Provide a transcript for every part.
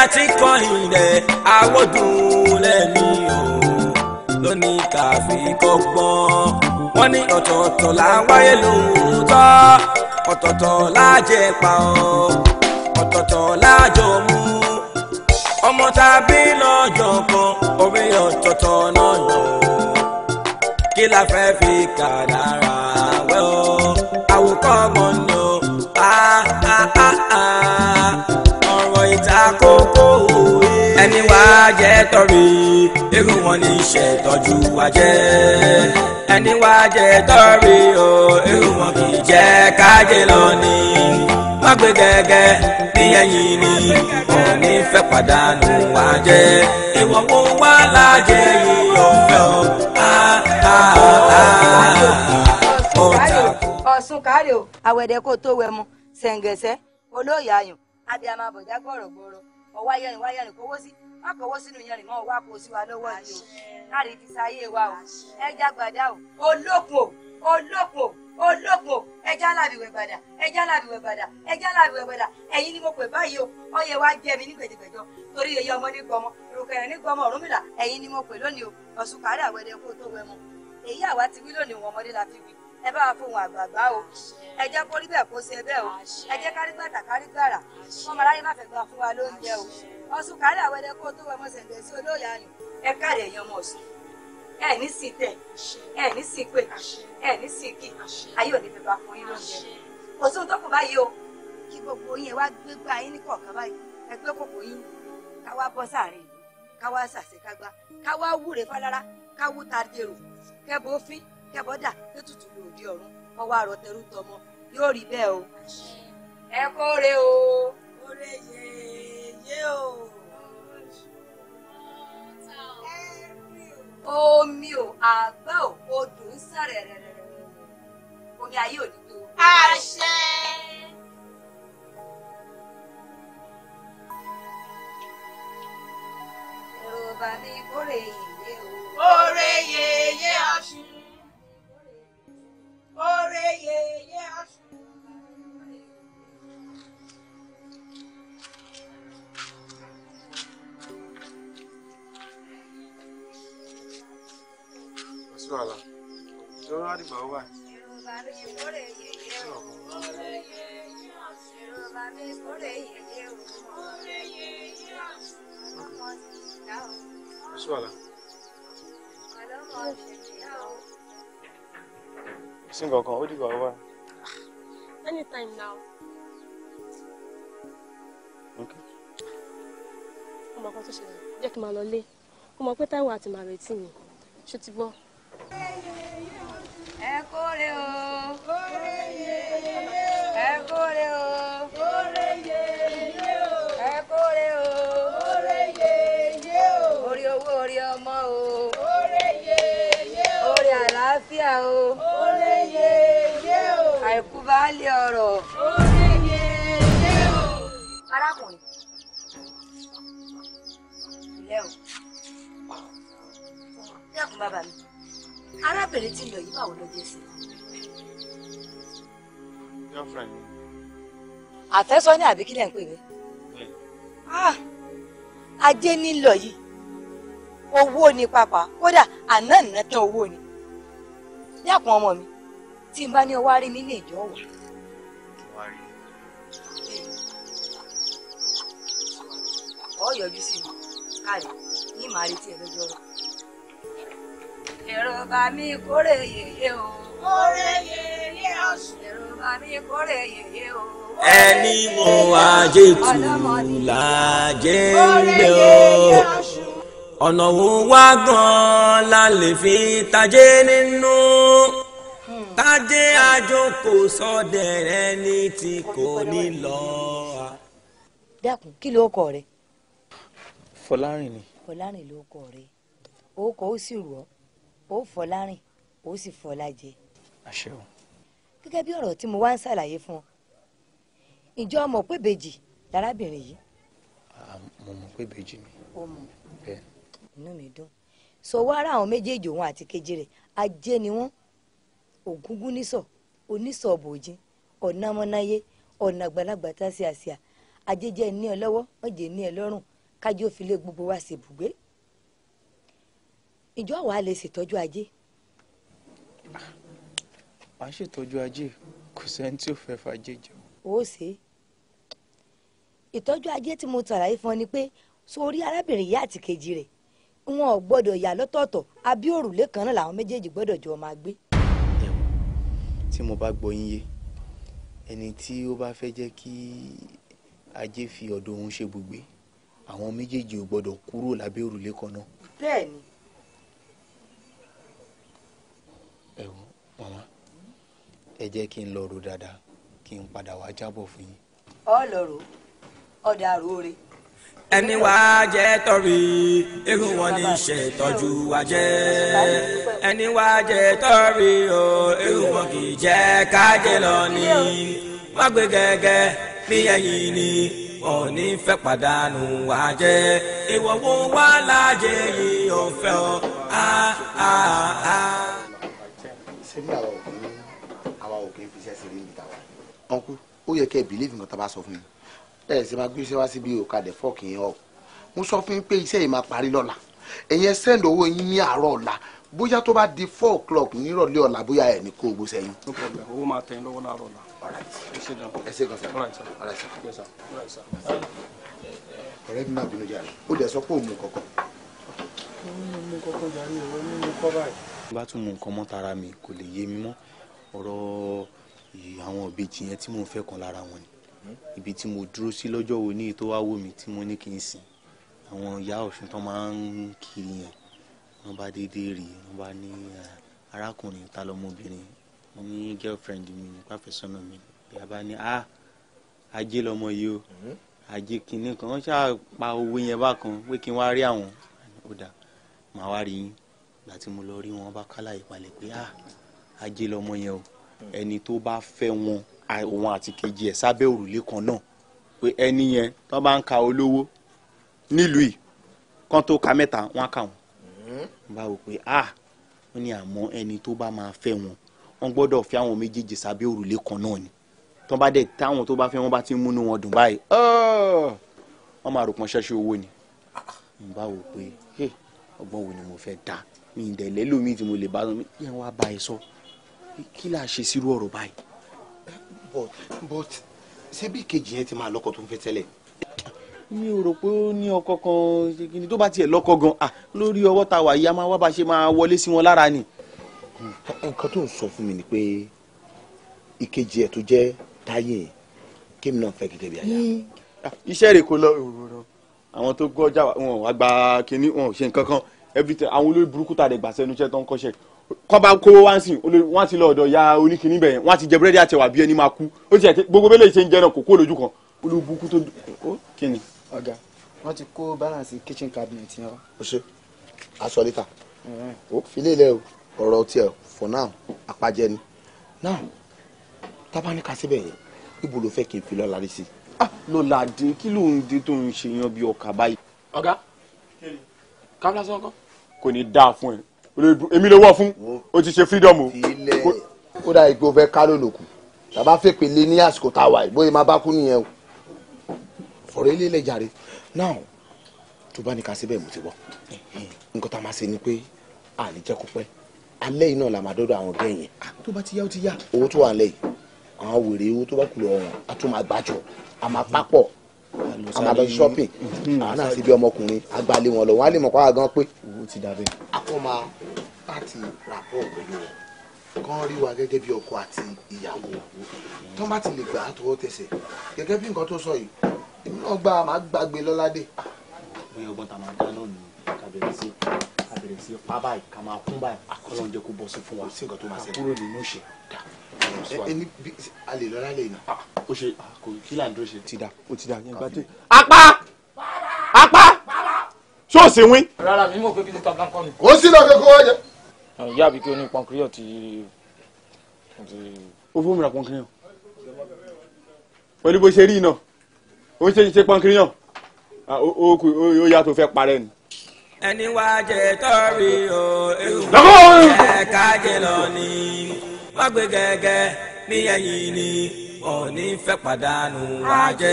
a ti kọ́ ilẹ̀ àwòdùn lẹ́mí o lónìí káfí kọ́gbọ́n wọ́n ní ọ̀tọ̀ọ̀tọ̀ là ń wáyé lóòótọ́ ọ̀tọ̀ọ̀tọ̀ là á jẹ pa ọ́ ọ̀tọ̀ọ̀tọ̀ là á jọ mú ọmọ tàbí lọ́jọ́ kan orí ọ̀tọ̀ọ̀tọ̀ náà lọ kí la fẹ́ fi kádàrá wẹ́ ọ́ àwòkọ́ ọmọ ní. tọrí irú wọn ní ìṣètọ́jú wa jẹ́ ẹni wá jẹ tọrí o irú wọn kì í jẹ́ gbé gẹ́gẹ́ ní ẹ̀yìn ni ní fẹ́ wa jẹ́ ìwọ̀n wá yìí o. ọ̀sùn kò tó wẹ̀ mu abiyamọ sí má kọwọ́ sínú yẹn rìn mọ́ wá kó sí wa lọ́wọ́ ni o láàrin ibi sáyé wa o ẹja gbàdá o olókun o olókun ẹja lábìwẹ̀ gbàdá ẹja lábìwẹ̀ gbàdá ẹja lábìwẹ̀ gbàdá ẹ̀yin ni mo pè báyìí o ọyẹ wa jẹ mi ní gbẹdẹgbẹjọ torí ẹyẹ ọmọdé gbọmọ ìrùkọ ẹ̀rín nígbọmọ Ọ̀rúnmìlà ẹ̀yin ni mo pè lónìí o Ọ̀ṣun kárí àwẹ̀dẹ kó tó wẹ̀ èyí àwa ti wí lónìí wọn ọmọdé la fi wí ẹ bá wa fún wọn àgbààgbà o ẹ jẹ́ kó rí bẹ́ẹ̀ kó ṣe bẹ́ẹ̀ o ẹ jẹ́ kárí gbàtà kárí gbàrà kọ́mọ aráyé má fẹ́ gbà fún wa lóúnjẹ o ọ̀sùn kárẹ̀ kó tó wẹmọ sẹ̀ǹdẹ̀ sí olóòlì ayò ẹ káàrẹ̀ ẹ̀yàn ọmọ ọ̀sùn ẹ ní sí tẹ ẹ ní sí pé ẹ ní sí kí ayé òní bẹba fún yín lóúnjẹ kò sóhun tó kù báyìí o kí gbogbo yín ẹ wá gbé gbá yín ní kọ̀ọ̀kan báyìí ẹ gbé kòkò yín káwá bọ́ sáàrin ìlú káwá sàṣekágbá káwá wúre fálára káwú ta dèrò kẹbọ fín kẹbọ dà kétùtù lòdì ọ̀run kọwá rọ tẹrú tọmọ yóò rí bẹ́ẹ̀ o ẹ kóore o. kóore yẹn dé o. omi ò àgbá ò odò ń sàrẹ̀ rẹ̀rẹ̀ omi ayé ò ní gbé o. àṣẹ. Yorùbá ní kórè yèyé o. Òrè yèyé ọ̀ṣun. Òrè yèyé. wá dìgbà ó wà. Suala. Sin kankan, ó dìgbà ó Anytime now. Okay. Ọmọ kan tó ṣẹlẹ̀, jẹ́ kí n máa lọ lé. Ó mọ̀ pé Táíwò àti màá retí mi. ti gbọ́? ẹ kórè o. kórè yeye o. ẹ kórè o. kórè yeye o. ẹ kórè o. kórè yeye o. orí owó orí ọmọ o. kórè yeye o. orí àlàáfíà o. kórè yeye o. àìkú baálé ọrọ̀. kórè yeye o. arákùnrin ilé o. ilé ẹ̀kún bàbá mi arábìnrin tí ń lọ yìí báwo ló jẹ́ sí. girlfriend mi. àfẹ́sọ́nì àbí kílẹ̀ ń pè mí. Ah! ajé ní lọ yìí owó ni pàápàá kódà àná ìná tán owó ni dákun ọmọ mi tí n bá ní ọwọ́ rí mi lè jọ wà. ọ yọjú sí mi káàrí ní màá retí lọ́jọ́ rẹ̀ èrò bá mi kórè yèyé o. kórè yèyé o. èrò mi kórè yèyé o. ẹni mo ajé tù lájẹ́ ń lé o. ọ̀nà wo wá gan-an la lè fi tajé nínú tádé àjòkò sọdẹrẹ ní tí kò ní lọ. dákun kí ló kọ rẹ. fọlárìn ni. fọlárìn ló kọ rẹ o kò ó sì rọ ó fọ́ lárìn ó sì fọ́ lájẹ. àṣẹ o. gẹ́gẹ́ bí ọ̀rọ̀ tí mo wá ń ṣàlàyé fún ọ ǹjọ́ ọmọ pé bèjì lárábìnrin yìí. mo mọ̀ pé bèjì mi. o mọ̀ bẹ́ẹ̀. inú mi dùn sọwọ́ ara àwọn méjèèjì òun àti kejì rẹ̀ ajé ni wọ́n ògúngún nísọ̀ onísọ̀ bòjì ọ̀nà ọmọnáyé ọ̀nà àgbàlagbà tá a ṣe àṣìá ajé jẹ́ ní ẹ lọ́wọ́ wọ́n jẹ́ ní ẹ lọ́rùn kájọ́ fi lé gbogbo wa ṣèbùgbé ìjọ àwa lè ṣètọ́jú ajé. à ń ṣètọ́jú ajé kò sẹ́ni tí ò fẹ́ fàjẹ́ jẹ. ó ṣe ìtọ́jú ajé tí mo tàlàyé fún ọ ni pé sórí arábìnrin ìyá àti kejì rẹ̀ wọn ò gbọ́dọ̀ yà lọ́tọ̀ọ̀tọ̀ àbí òrùlé kan náà làwọn méjèèjì gbọ́dọ̀ jọ máa gbé. tí mo bá gbọ́ yín yé ẹni tí ó bá fẹ́ jẹ́ kí ajé fi ọ̀dọ̀ òun ṣe bùgbé àwọn méjèèjì ò gbọ́dọ̀ kúrò lábẹ́ òrùlé kan náà. bẹ́ẹ̀ni ẹ wò màmá ẹ jẹ́ kí n lọ rò dáadáa kí n padà wá jábọ̀ fún yín. ọ lọ rò ọdà rúore. ẹni wá jẹ́ tọ́rí irun wọn ní ṣe tọ́jú wa jẹ́ ẹni wá jẹ́ tọ́rí o irun wọn kì í jẹ́ kájẹ́ lọ ní wọ́n gbé gẹ́gẹ́ ní ẹ̀yìn ni òní fẹ́ pàdánù wá jẹ́ ìwọ̀wọ̀ wá láàjẹ́ yìí ọ̀fẹ́ ọ́ á sẹ́rí àwa ò kìí àwa ò kìí fi iṣẹ́ ṣeré níbi tàwa. ọ̀nkú ó yẹ kẹ́ ẹ̀ bìlíìfì nǹkan tá a bá sọ fún yín ẹ ẹ̀ sì máa gbé iṣẹ́ wá síbi òkàdẹ̀ fọ́ọ̀kì yẹn ọ̀ mo sọ fún yín pé iṣẹ́ yìí máa parí lọ́la ẹ̀yin send owó yín ní àárọ̀ ọ̀la bóyá tó bá di four o'clock nírọ̀lẹ́ ọ̀la bóyá ẹ̀ ní kó o gbó sẹ́yìn. ọ̀rẹ́ mi máa bínú jáde ó dẹ̀ sọ pé òun mú kọ̀ọ̀kan. òun mú kọ̀ọ̀kan jáde ìwọ ní kọ́ báyìí bá tún mú nǹkan mọ́ tara mi kò lè yé mi mọ́ ọ̀rọ̀ àwọn òbejì yẹn tí mò fẹ́ kan lára wọn ni ibi tí mo dúró sí lọ́jọ́ wo ní tó wá wò mí tí mo ní kí n sìn àwọn ìyá ọ̀ṣun tán máa ń kiri yẹn wọ́n bá déédéé rí wọ́n bá ní arákùnrin ta lọ́mọbìnrin wọ́n ní girlfriend mi ní pàfẹ́sọ́nà mi ìyá bá ní a ajé lọmọ yìí o ajé kìnnìkan wọ́n ṣáà pa owó yẹn bákan pé kí n wá rí àwọn ó dà máa wá rí yín ìgbà tí mo lọ rí wọn bá kálá ìpalẹ̀ pé a ah, ajé lọmọ yẹn o ẹni tó bá fẹ́ wọn òun àti kejì ẹ̀ sábẹ́ òrùlé kan náà pé ẹni yẹn tó bá ń ka olówó nílùú yìí kán tó ka mẹ́ta wọ́n kà wọ́n báwo pé ah wọ́n ní àmọ́ ẹni tó bá máa fẹ́ wọn wọ́n gbọ́dọ̀ fi àwọn méjèèjì sábẹ́ òrùlé kan náà ni tó bá dẹ̀ táwọn tó bá fẹ́ wọn bá ti múnú wọn dùn báyìí wọ́n máa rò pọ́n ṣẹ́ṣẹ́ owó ni báwo pé ọgbọ́n wo ni mo fẹ́ dáa mi ìdẹ̀lẹ́ lómi tí mo lè bá mi yẹn wá bá ẹ sọ kí là á ṣe sírú ọ̀rọ̀ báyìí. but but ṣé bí kejì yẹn ti máa lọ́kọ tó ń fẹ́ tẹ́lẹ̀. mi ò rò pé ó ní ọkọ kan kí ni tó bá tiẹ̀ lọ́kọ gan ah lórí ọwọ́ ta wà yìí a máa wá bá ṣe máa wọlé sí wọn lára ni. nǹkan tó ń sọ fún mi ni pé ìkejì ẹ̀ tó jẹ́ táyé kémi náà fẹ́ gẹ́gẹ́ bí aya. iṣẹ́ rẹ̀ kò lọ òróró àwọn tó gbọ́jà wọn wá kínní wọn ò ṣe nǹkan kan everything àwọn olórí burúkú tá a dẹ̀ gbà sẹ́nu iṣẹ́ tó ń kọ́ṣẹ́ kọ́ba kówó wá sí olórí wọ́n ti lọ ọ̀dọ̀ ya oníkìní bẹ̀yẹn wọ́n ti jẹ búrẹ́dì àtẹwà bí ẹni máa kú ó ti ẹ̀ gbogbo bẹ́lẹ̀ ṣe ń jẹ́ náà kò kó lójú kan olórí burúkú tó ó kí ọ̀gá wọ́n ti kó balance kitchen cabinet yẹn o ṣe aṣọ lítà ó filé ilẹ̀ ọ̀rọ̀ tiẹ̀ for now àpàjẹ ni now tábánikà síbẹ̀ yẹn ibo ló fẹ́ kí n fi ah, lọ́la rí sí. lọ́la dín kí ló ń dín tó ń ṣe yan bí ọkà báyìí. ọ̀gá kí kábílà sọ́kọ́ kò ní dáa fún ẹ èmi ló wọ̀ fún o ti ṣe freedom o. ó dà ìgbó fẹ́ ká lòlòkù tàbá fèpè lé ní àsìkò tá a wà ìbóyè má bá kú nìyẹn o. fọ̀rọ̀ ilé ilẹ̀ jàre náà tó bá ní ká síbẹ̀ mo ti wọ̀ nǹkan tá a máa ṣe ni pé a lè jẹ́ kó pẹ́ alẹ́ yìí náà la máa dọ́dọ̀ àwọn ọ̀gá ẹ̀yìn ah, tó bá ti yá ó ti yá owó tó wà lẹ́yìn àwọn wèrè owó tó bá kù lọ́wọ́ a tún máa gbàjọ a máa lọ shopping hmm. àwọn náà ti bí ọmọkùnrin agbálẹ̀ wọn lọ wọn á lè mọ̀ pàrọ̀ gan pé. owó ti dàbẹ̀. a kò máa láti ràpọ̀ pẹ̀lú wọn kán rí wa gẹ́gẹ́ bí ọkọ àti ìyàwó tó bá ti lè gbà á tọwọ́ tẹsẹ̀ gẹ́gẹ́ bí nǹkan tó sọ yìí èmi náà gba àmà gbàgbé lọ́ládé. bóyá ọgbọ́n tá a máa dá náà nù kábẹ̀rẹ̀ sí kábẹ̀rẹ̀ sí pa báyìí ká máa kún báyìí akọ́lọ́njẹ kó bọ́ sí fún wa kúrò nínú ìṣẹ̀dá ẹni bí a lè lọ lálẹ́ iná. o ah, ṣe ah, kò kí là apá apá ṣọ́ọ̀ṣì wín. rárá mi mọ̀ pé kí ló ta blanco mi. kò sí lọ́kẹ́ kó wájà. ìyá àbí kí o ní pọnkíríọ̀ ti. o fún mi ra pọnkíríọ̀ pẹ̀lú bó ṣe rí iná o ṣe ṣe pọnkíríọ̀ o kù o yà tó fẹ́ parẹ́ ni ẹni wá jẹ tọrí o ewu ẹka jẹ lọ ni má gbé gẹ́gẹ́ ní ẹ̀yìn ni òní fẹ́ pàdánù ajé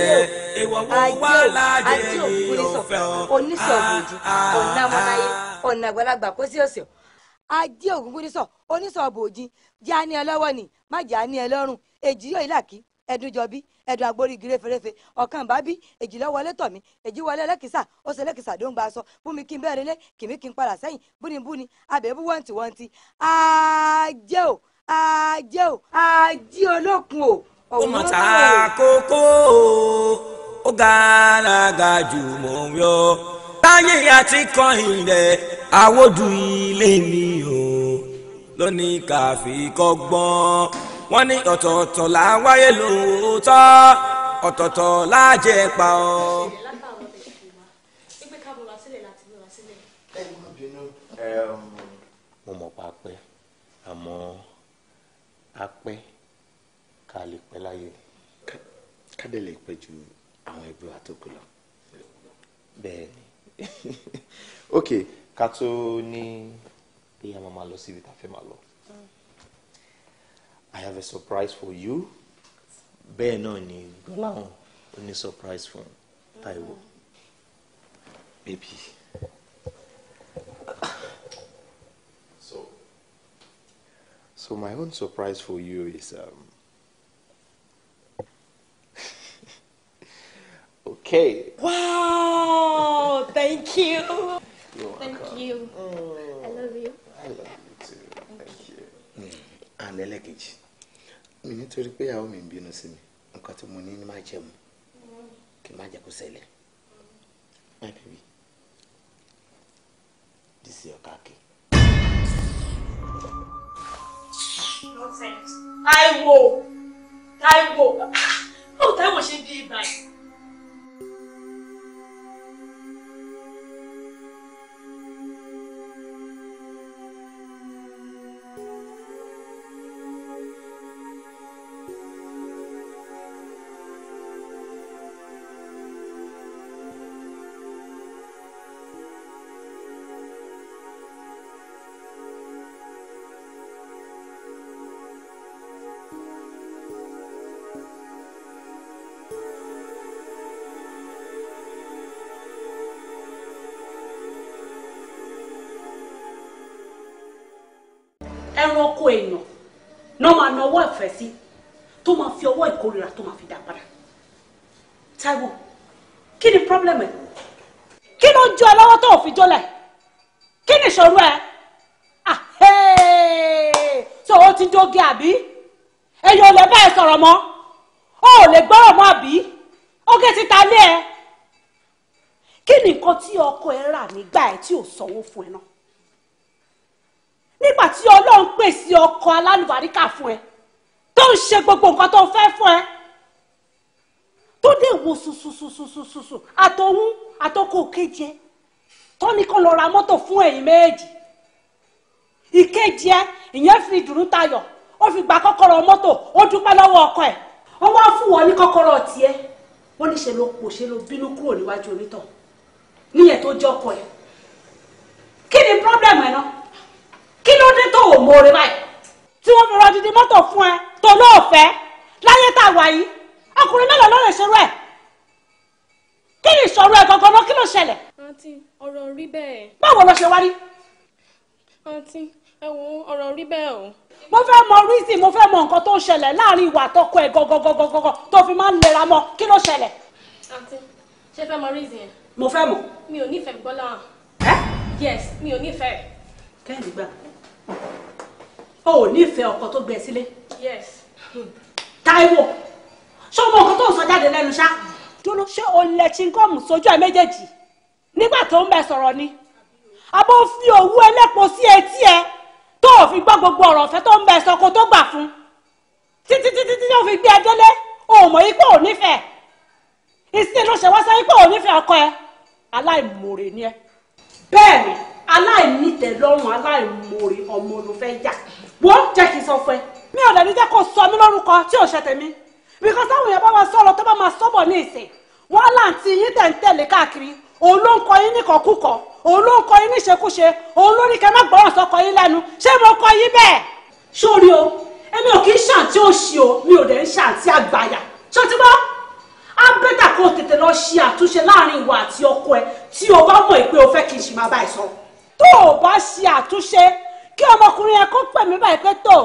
ìwọ wo wá láàjẹ yìí ó fẹ́ ọ. oníṣòwòjì ah, ọ̀nà ah, ọmọláyé ah. ọ̀nà àgbàlagbà kó sí òsì ajé ògúngúndísọ oníṣòwòjì jẹ́ àní ẹ lọ́wọ́ ni má jẹ́ àní èjì yóò ilà ẹdun jọbí ẹdun agbórígi réferéfe ọkàn bá èjìlá wọlé tọmí èjì wọlé ẹlẹkìsà ó ṣe ẹlẹkìsà ló ń gba aṣọ bùnmi kí n bẹ́ẹ̀ relé kìmí kí n padà sẹ́yìn búnibúni abẹ́bú wọ́ntìwọ́ntì ajé o ajé o ajé olókun o. ó mọ̀ tá a kókó ó gàràgà jù mọ̀ yọ táyé àti kan ilẹ̀ àwòdù ilé mi o lónìí káfí kọ́gbọ́n wọ́n ní ọ̀tọ̀ọ̀tọ̀ là lóòótọ́ ọ̀tọ̀ọ̀tọ̀ là pa ọ́. apẹ́ ká lè pẹ́ láyé ká dẹ̀ lè pẹ́ ju àwọn ẹbí wa tó kù lọ. bẹ́ẹ̀ ok ká tó ní pé a lọ síbi tá a fẹ́ máa lọ. I have a surprise for you bẹ́ẹ̀ náà ni gbọ́láhùn ó ní surprise fún Táíwò mm-hmm. baby. So my own surprise for you is um Okay. Wow, thank you. thank you. Oh. I love you. I love you too. Thank, thank you. Mm. the luggage. Mi nítorí pé ìyàwó mi ń bínú sí mi, nǹkan tí mo ní ní máa jẹ mu, kí má jẹ kó ṣẹlẹ̀. My baby, this is your car key. Taiwo Taiwo ah, báwo Taiwo ṣe bí ibà yìí. ti jóge àbí èyàn ò lè bá ẹ sọ̀rọ̀ mọ́ ó ò lè gbọ́rọ̀ mọ́ àbí oge ti ta lé ẹ kí ni nǹkan tí ọkọ ẹ rà nígbà ẹ tí ò sanwó fún ẹ náà nígbà tí ọlọ́run pèsè ọkọ alálùbáríkà fún ẹ tó ń ṣe gbogbo nǹkan tó fẹ́ fún ẹ tó dé wo sùsùsùsùsùsù àtọ̀hún àtọkọ òkèjẹ tọ́ni kan lọ ra mọ́tò fún ẹ̀yin méjì ìkejì ẹ ìyẹn fi ìdùnnú tayọ̀ ó fi gba kọ́kọ́rọ́ mọ́tò ó dúpẹ́ lọ́wọ́ ọkọ ẹ̀ ó wá fún wọn ní kọ́kọ́rọ́ tiẹ̀ wọ́n ní ṣe ló pò ṣe ló bínú kúrò níwájú onítọ̀ níyẹn tó jẹ́ ọkọ ẹ̀ kí ni problem ẹ̀ náà kí ló dé tó ò mọ̀ọ́rẹ́ báyìí tí wọ́n fi rọ́ọ̀dì mọ́tò fún ẹ tó lóòfẹ́ láyé tá a wà yìí ọkùnrin mélòó ló lè ṣerú ẹ̀ kí ni ìṣòro ẹ̀ gangan náà kí ló ṣẹlẹ̀. àǹtí ọ̀rọ̀ rí bẹ́ẹ̀. báwo ló ṣe wá rí. àǹtí ẹ wo ọ̀rọ̀ rí bẹ́ẹ̀ o. mo fẹ́ mọ reason mo fẹ́ mọ nǹkan tó ń ṣẹlẹ̀ láàrin ìwà àtọkọ ẹ̀ gọ́gọ́gọ́gọ́gọ́ tó fi máa ń lera mọ́ kí ló ṣẹlẹ̀. àǹtí ṣe fẹ́ mọ reason yẹn. mo fẹ́ mọ̀. mi ò nífẹ̀ẹ́ gbọ́lá. ẹ. yes mi ò nífẹ̀ẹ́. kẹ́hìndé gbà o ò nífẹ̀ẹ́ ọkọ tó gbẹ sílé. yes. Táíwò ṣé o mọ nǹkan tó ń sọ jáde lẹ́nu ṣá. dúró ṣé o lẹ chingom sójú ẹ méjèèjì nígbà tó ń bẹ sọ̀rọ̀ ni àbó fi òwú ẹlẹ́pọ̀ sí etí ẹ tó o fi gbọ́ gbogbo ọ̀rọ̀ ọ̀fẹ́ tó ń bẹ sọ kó tó gbà fún títí títí tí o fi gbé ẹ délé o mọ̀ yí pé ò nífẹ̀ẹ́ ìsìn ló ṣe wá sẹ́yìn pé ò nífẹ̀ẹ́ ọkọ ẹ aláìmoore ni ẹ bẹ́ẹ̀ ni aláìnítẹ̀lọ́rùn aláìmoore ọmọ ló fẹ́ yà wọ́n jẹ́ kí n sọ fún ẹ mi ò dẹ̀ni jẹ́ kó sọ mí lórúkọ tí ò ṣe tèmi because táwọn èèyàn bá wa sọ̀rọ̀ tó bá máa sọ́bọ̀ ní ìsìn wọ́n láǹtí yín tẹ̀ ń tẹ̀lé káàkiri òun ló ń kọ yín níkọ̀kúkọ òun ló ń kọ yín níṣekúṣe òun ló ní kẹ́ má gbọ́ràn sọ́kọ yín lẹ́nu ṣé mo kọ yín bẹ́ẹ̀. sórí o èmi ò kì í ṣàǹtí òṣì o mi ò dẹ̀ ń ṣàǹtí àgbàyà ṣó ti gbọ́ á bẹ́tà kó o tètè lọ ṣe àtúnṣe láàrin ìwà àti ọkọ ẹ tí o bá mọ̀ pé o fẹ́ kí n ṣì máa bá ẹ sọ. tó o bá ṣe àtúnṣe kí ọmọkùnrin yẹn kó pè mí báyìí pé tó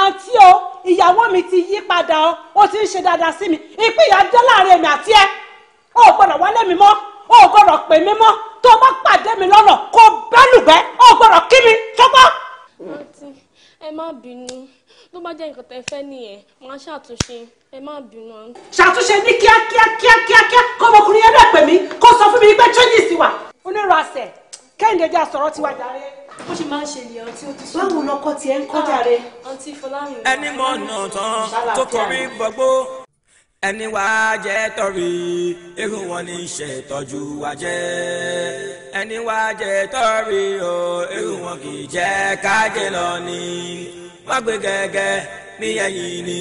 àǹtí o ìyàwó mi ti yí padà o ó ti ń ṣe dáadáa sí mi ìpínyà dé láàrin èmi àti ẹ o ò gbọdọ̀ wálé mi mọ́ o gbọ́dọ̀ pè mí mọ́ tó o bá pàdé mi lọ́nà kó o bẹ́lùbẹ́ o gbọ́dọ̀ kí mi sọ́gbọ́. àǹtí ẹ má bínú tó bá jẹ́ nǹkan tẹ́ fẹ́ nìyẹn máa ṣàtúnṣe ẹ má bínú àǹtí. ṣàtúnṣe ní kíákíá kíákíá kó ọmọkùnrin yẹn náà pè mí kó sọ fún mi pé changes wà. onírò àṣẹ kẹ́hìndé jẹ́ àsọ̀rọ̀ tiwa jàre. ó ṣe máa ń ṣe nìyẹn tí ó ti sọ. báwo lọkọ tiẹ̀ ń kọ́ jàre. àǹtí fọláhìn. ẹni mọ̀ ọ̀nà tán tó kọrí gbọ́gbó ẹni wá jẹ́ tọ́rí irun wọn ní í ṣe tọ́jú wa jẹ́ ẹni wá jẹ́ tọ́rí o irun wọn kì í jẹ́ kájẹ lọ ni wọ́n gbé gẹ́gẹ́ ní ẹ̀yìn ni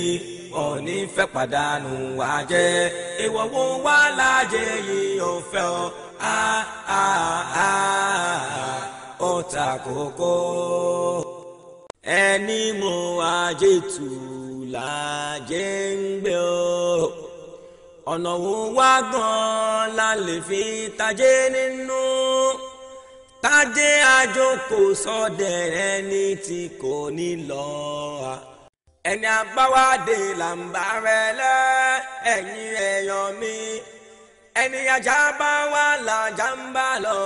òní fẹ́ pàdánù wa jẹ́ ìwọ̀ wá láàjẹ́ yìí ò fẹ́ ọ ó ta kókó ẹni mo wá jẹ́ tù làjẹ́ ń gbé o ọ̀nà wo wá gan-an la lè fi tajé nínú tádé àjòkò sọdẹ̀rẹ̀ ní tí kò ní lọ ẹni abáwádé là ń bá rẹ lẹ ẹ̀yin mi ẹni ajá bá wà lájà ń bá lọ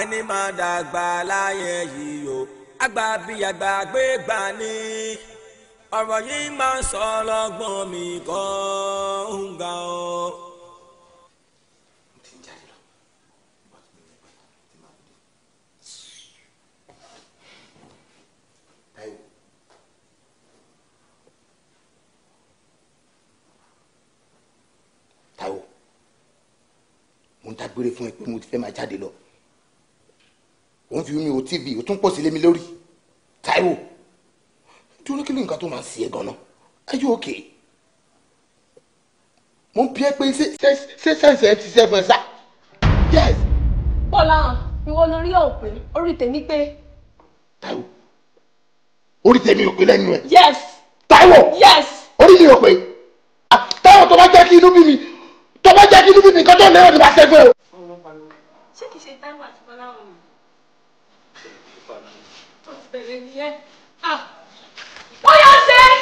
ẹni máa dàgbà láyé yìí o àgbà bíi àgbà ọ̀rọ̀ yìí máa ń sọ lọ́gbọ́n mi gan ń ga ọ́. Táíwò fún ẹ pé mo ti fẹ́ máa jáde lọ òun fi mi wo tv ó tún pọ̀ sílé mi lórí Táíwò dúró kí nǹkan tó máa ń ṣe gan-an are you okay? mo ń bí ẹ pé ṣé ti ṣe fún yes. bọ́lá ìwọ lórí òpin orí tèmi pé. Taiwo. orí tèmi ò pé lẹ́nu ẹ. yes. Taiwo. yes. orí mi ò pé ah, Táíwò tó bá jẹ́ kí inú bí mi tó bá jẹ́ kí inú bí mi nǹkan tó lérò ní bá ṣẹ́gun ẹ. ṣé kìí ṣe Táíwò àti Bọ́lá wọn. ó ti bẹ̀rẹ̀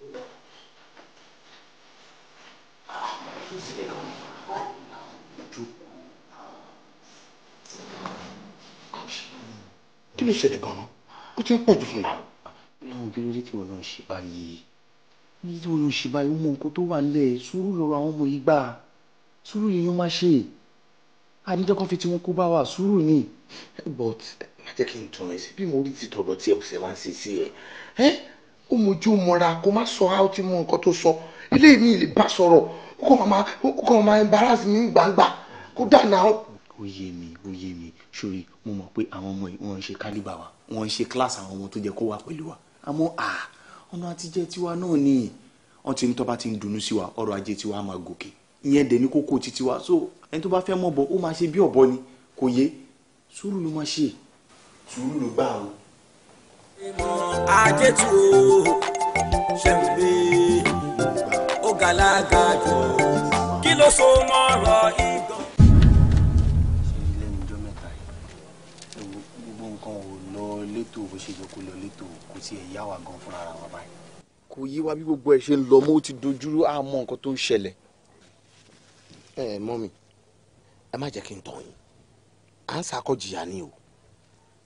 kí ló ṣẹlẹ̀ gan-an ó ti ń pọ̀ jù fún mi. lọ́wọ́n kí ló tí wọ́n náà ṣe báyìí nítorí tí wọ́n náà ṣe báyìí ó mọ tó wà nílẹ̀ sùúrù lọ́rọ̀ àwọn ọmọ yìí gbà sùúrù yìí yóò má ṣe àníjọ́ fi tí wọ́n kó bá wa sùúrù ni. but má jẹ́ kí n tún ẹ sí bí mo rí ti tọ̀dọ̀ tí ẹ kò máa ń ṣe sí ẹ ó mojú mọ́ra kó má sọ á ó ti mọ nǹkan tó sọ ilé mi lè bá sọ̀rọ̀ ó kàn máa ó kàn máa embarrass mi gbangba kó dànà. ó yé mi ó yé mi sori mo mọ̀ pé àwọn ọmọ yìí wọ́n ń ṣe kálíbà wa wọ́n ń ṣe kíláàsì àwọn ọmọ tó jẹ́ kó wà pẹ̀lú wa àmọ́ à ọ̀nà àtijẹ́ tiwa náà ni wọ́n ti ń tọ́ bá ti ń dunnú sí wa ọrọ̀ ajé tiwa á máa gòkè ìyẹn dẹ̀ ní kókó titi wa so ẹni tó bá fẹ́ mọ̀ bọ̀ ó máa ṣe bí ọ̀bọ ni kò yé sùúrù ló máa ṣe sùúrù ló gbà o àjẹtù ṣẹ̀m̀bé ó gàlágà jù kí so mọ́ ọ̀rọ̀ ìgbọ̀n. ṣe lẹ́nu ọjọ́ mẹ́ta yìí gbogbo nǹkan ò lọ létò bó ṣe yẹ kó lọ létò kò wa gan fúnra wa báyìí. kò yí wa bí gbogbo ẹ ṣe ń lọ mọ́ ó ti dojúrú àmọ́ nǹkan tó ń ṣẹlẹ̀. ẹ mọ mi ẹ má jẹ́ kí n tọ̀ yín à ń sakọ jìyà ni o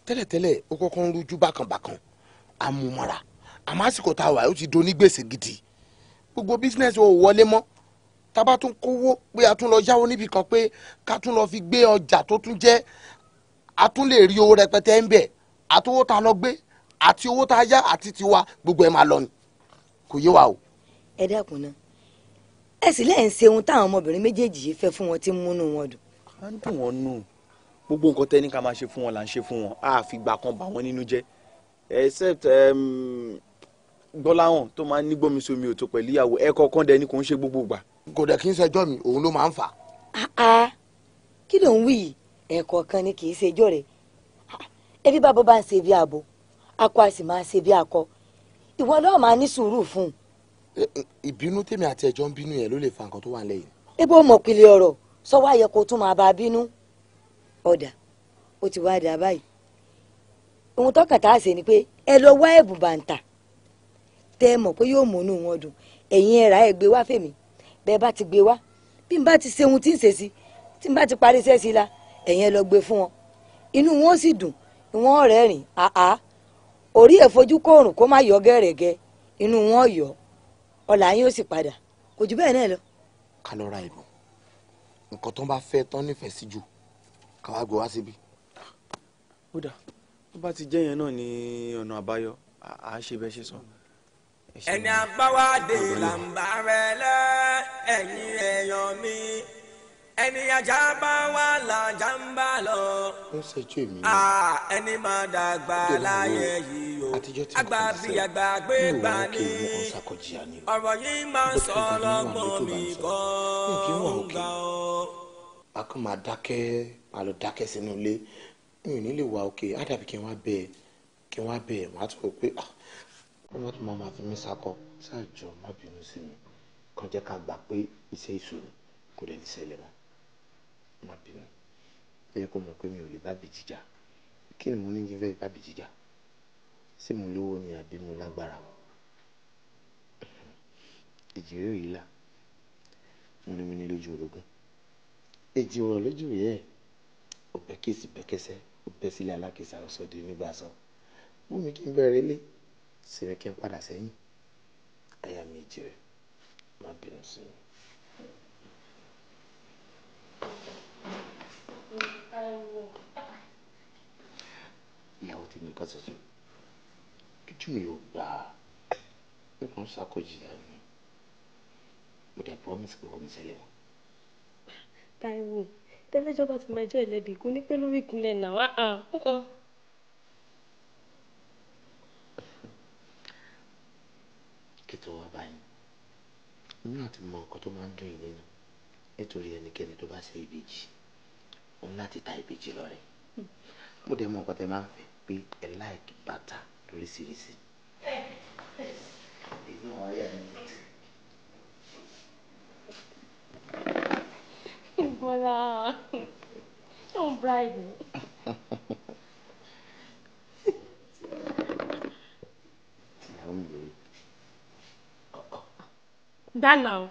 tẹ́lẹ̀tẹ́lẹ̀ ó kọ́kọ́ ń rújú bákànbákàn amúmọ́ra àmọ́ àsìkò tá a wà ó ti doni gbèsè gidi gbogbo bísínẹ́sì ò wọlé mọ́ tábà tún kówó pé a tún lọ yáwó níbì kan pé ká tún lọ fi gbé ọjà tó tún jẹ́ a tún lè rí owó rẹpẹtẹ ń bẹ̀ àtowó tá a lọ gbé àti owó tá a yá àti tiwa gbogbo ẹ̀ máa lọ ni kò yé wa o. ẹ dákun náà ẹ sì lẹ́yìn ṣe ohun táwọn ọmọbìnrin méjèèjì yìí fẹ́ fún wọn tí ń múnú wọn dùn. a ń dùn wọn nù gbogbo nǹkan tẹ́ ní ká máa ṣe fún wọn là ń ṣe fún wọn a fi gbà kan bà wọ́n nínú jẹ́ except gbọ́láhàn tó máa ń ní gbọ́mi sómi òtò pẹ̀lú ìyàwó ẹ kọ̀ọ̀kan dẹni kò ń ṣe gbogbo ìgbà. kò dẹ̀ kí n ṣẹjọ́ mi òun ló máa ń fà. kí ló ń wí yìí ẹ̀kọ̀ọ̀kan ni kì í ṣẹjọ́ rẹ̀ ẹbí bàbá bá ń ṣe bí abo akọ a sì máa ṣe bí akọ ìwọ náà máa ní sùúrù fún un. ìbínú tèmi àti ẹjọ́ ń bínú yẹn ló lè fa nǹkan tó wà lẹ́yìn. ebo mọ̀ pìlẹ̀ ọ̀rọ̀ sọ wá yẹ kó tún máa bá bínú ọ̀dà ó ti wá dà báyìí ohun tọ́kàn tá a ni pé ẹ lọ wá ẹ̀bùn bàǹtà tẹ́ ẹ mọ̀ pé yóò múnú wọn dùn ẹ̀yin ẹ̀rà ẹ̀ gbé wá fèmí bẹ́ẹ̀ bá ti gbé wá bí n bá ti ṣe ohun tí ń ṣe sí tí n bá ti parí iṣẹ́ sí la ẹ̀yin ẹ lọ gbé fún wọn inú wọn sì dùn wọn rẹ́rìn àá orí ẹ̀ fojú kóòrùn kó má yọ gẹ́rẹ́gẹ́ inú wọn yọ ọ̀là yín ó sì padà kò jù bẹ́ẹ̀ náà lọ. ká lọ ra tó ń bá fẹ́ tán nífẹ̀ẹ́ sí jù káwá gbé wá síbí. ó dà tó bá ti jẹ́ yẹn náà ní ọ̀nà àbáyọ àá bẹ́ẹ̀ ṣe sọ. ẹni àbáwádé là rẹ lẹ ẹ̀yin èèyàn mi ẹni ajá bá wà lájà ń bá lọ. ẹni máa dàgbà láyé yìí o àgbà bí àgbà gbé gbà ní ọ̀rọ̀ yìí máa ń sọ ọlọ́gbọ́n mi kọ́ ń a kàn máa dákẹ́ máa lọ dákẹ́ sínú ilé mi ò ní lè wá òkè á dàbí kí n wá bẹ̀ kí n wá bẹ̀ wọ́n á tún rò pé ah, wọ́n má tún máa máa fi mí sakọ ṣáàjọ má bínú sí mi kàn jẹ́ ká gbà pé iṣẹ́ ìṣòro kò dẹ̀ ní ṣẹlẹ̀ má bínú ó yẹ kó pé mi ò lè bá bì jíjà kí ni mo ní kí n fẹ́ bá bì jíjà ṣé mo lówó ni àbí mo lágbára ìjì rèé mo ní mi ní lójú orogún. Èjìwọ̀n lójú rẹ̀ ò bẹ́kèsì bẹ́kẹ́sẹ́, ó bẹ́ sílé alákìísà ó sọdi onígbàsọ. Wù mí kí n bá ẹ relé, sì rẹ̀ kí n padà sẹ́yìn. Aya mi Èjìrẹ́, má bínú sí mi. Ìyàwó tèmi nìkan ṣoṣo. Tójú mi ò gbà á. Mo kàn ń ṣàkójìyà ni. Mo dẹ̀ promise pé wọ́n ní ṣẹlẹ̀ mọ́. Táíwò tẹ́lẹ́jọ́ bá ti máa jẹ́ ẹlẹ́bi kò ní pẹ́ lórí ìkúnlẹ̀ náà áà ọ̀ọ́. kí tó wá báyìí èmi náà ti mọ nǹkan tó máa ń dùn yín nínú nítorí ẹnikẹ́ni tó bá ṣe ìbejì òun láti ta ìbejì lọ́rẹ mo dẹ̀ mọ nǹkan tẹ́ máa ń fẹ́ pé ẹ láìkí bàtà lóríṣiríṣi. èyí wọn yà mí. Mother, don't bribe me. That now.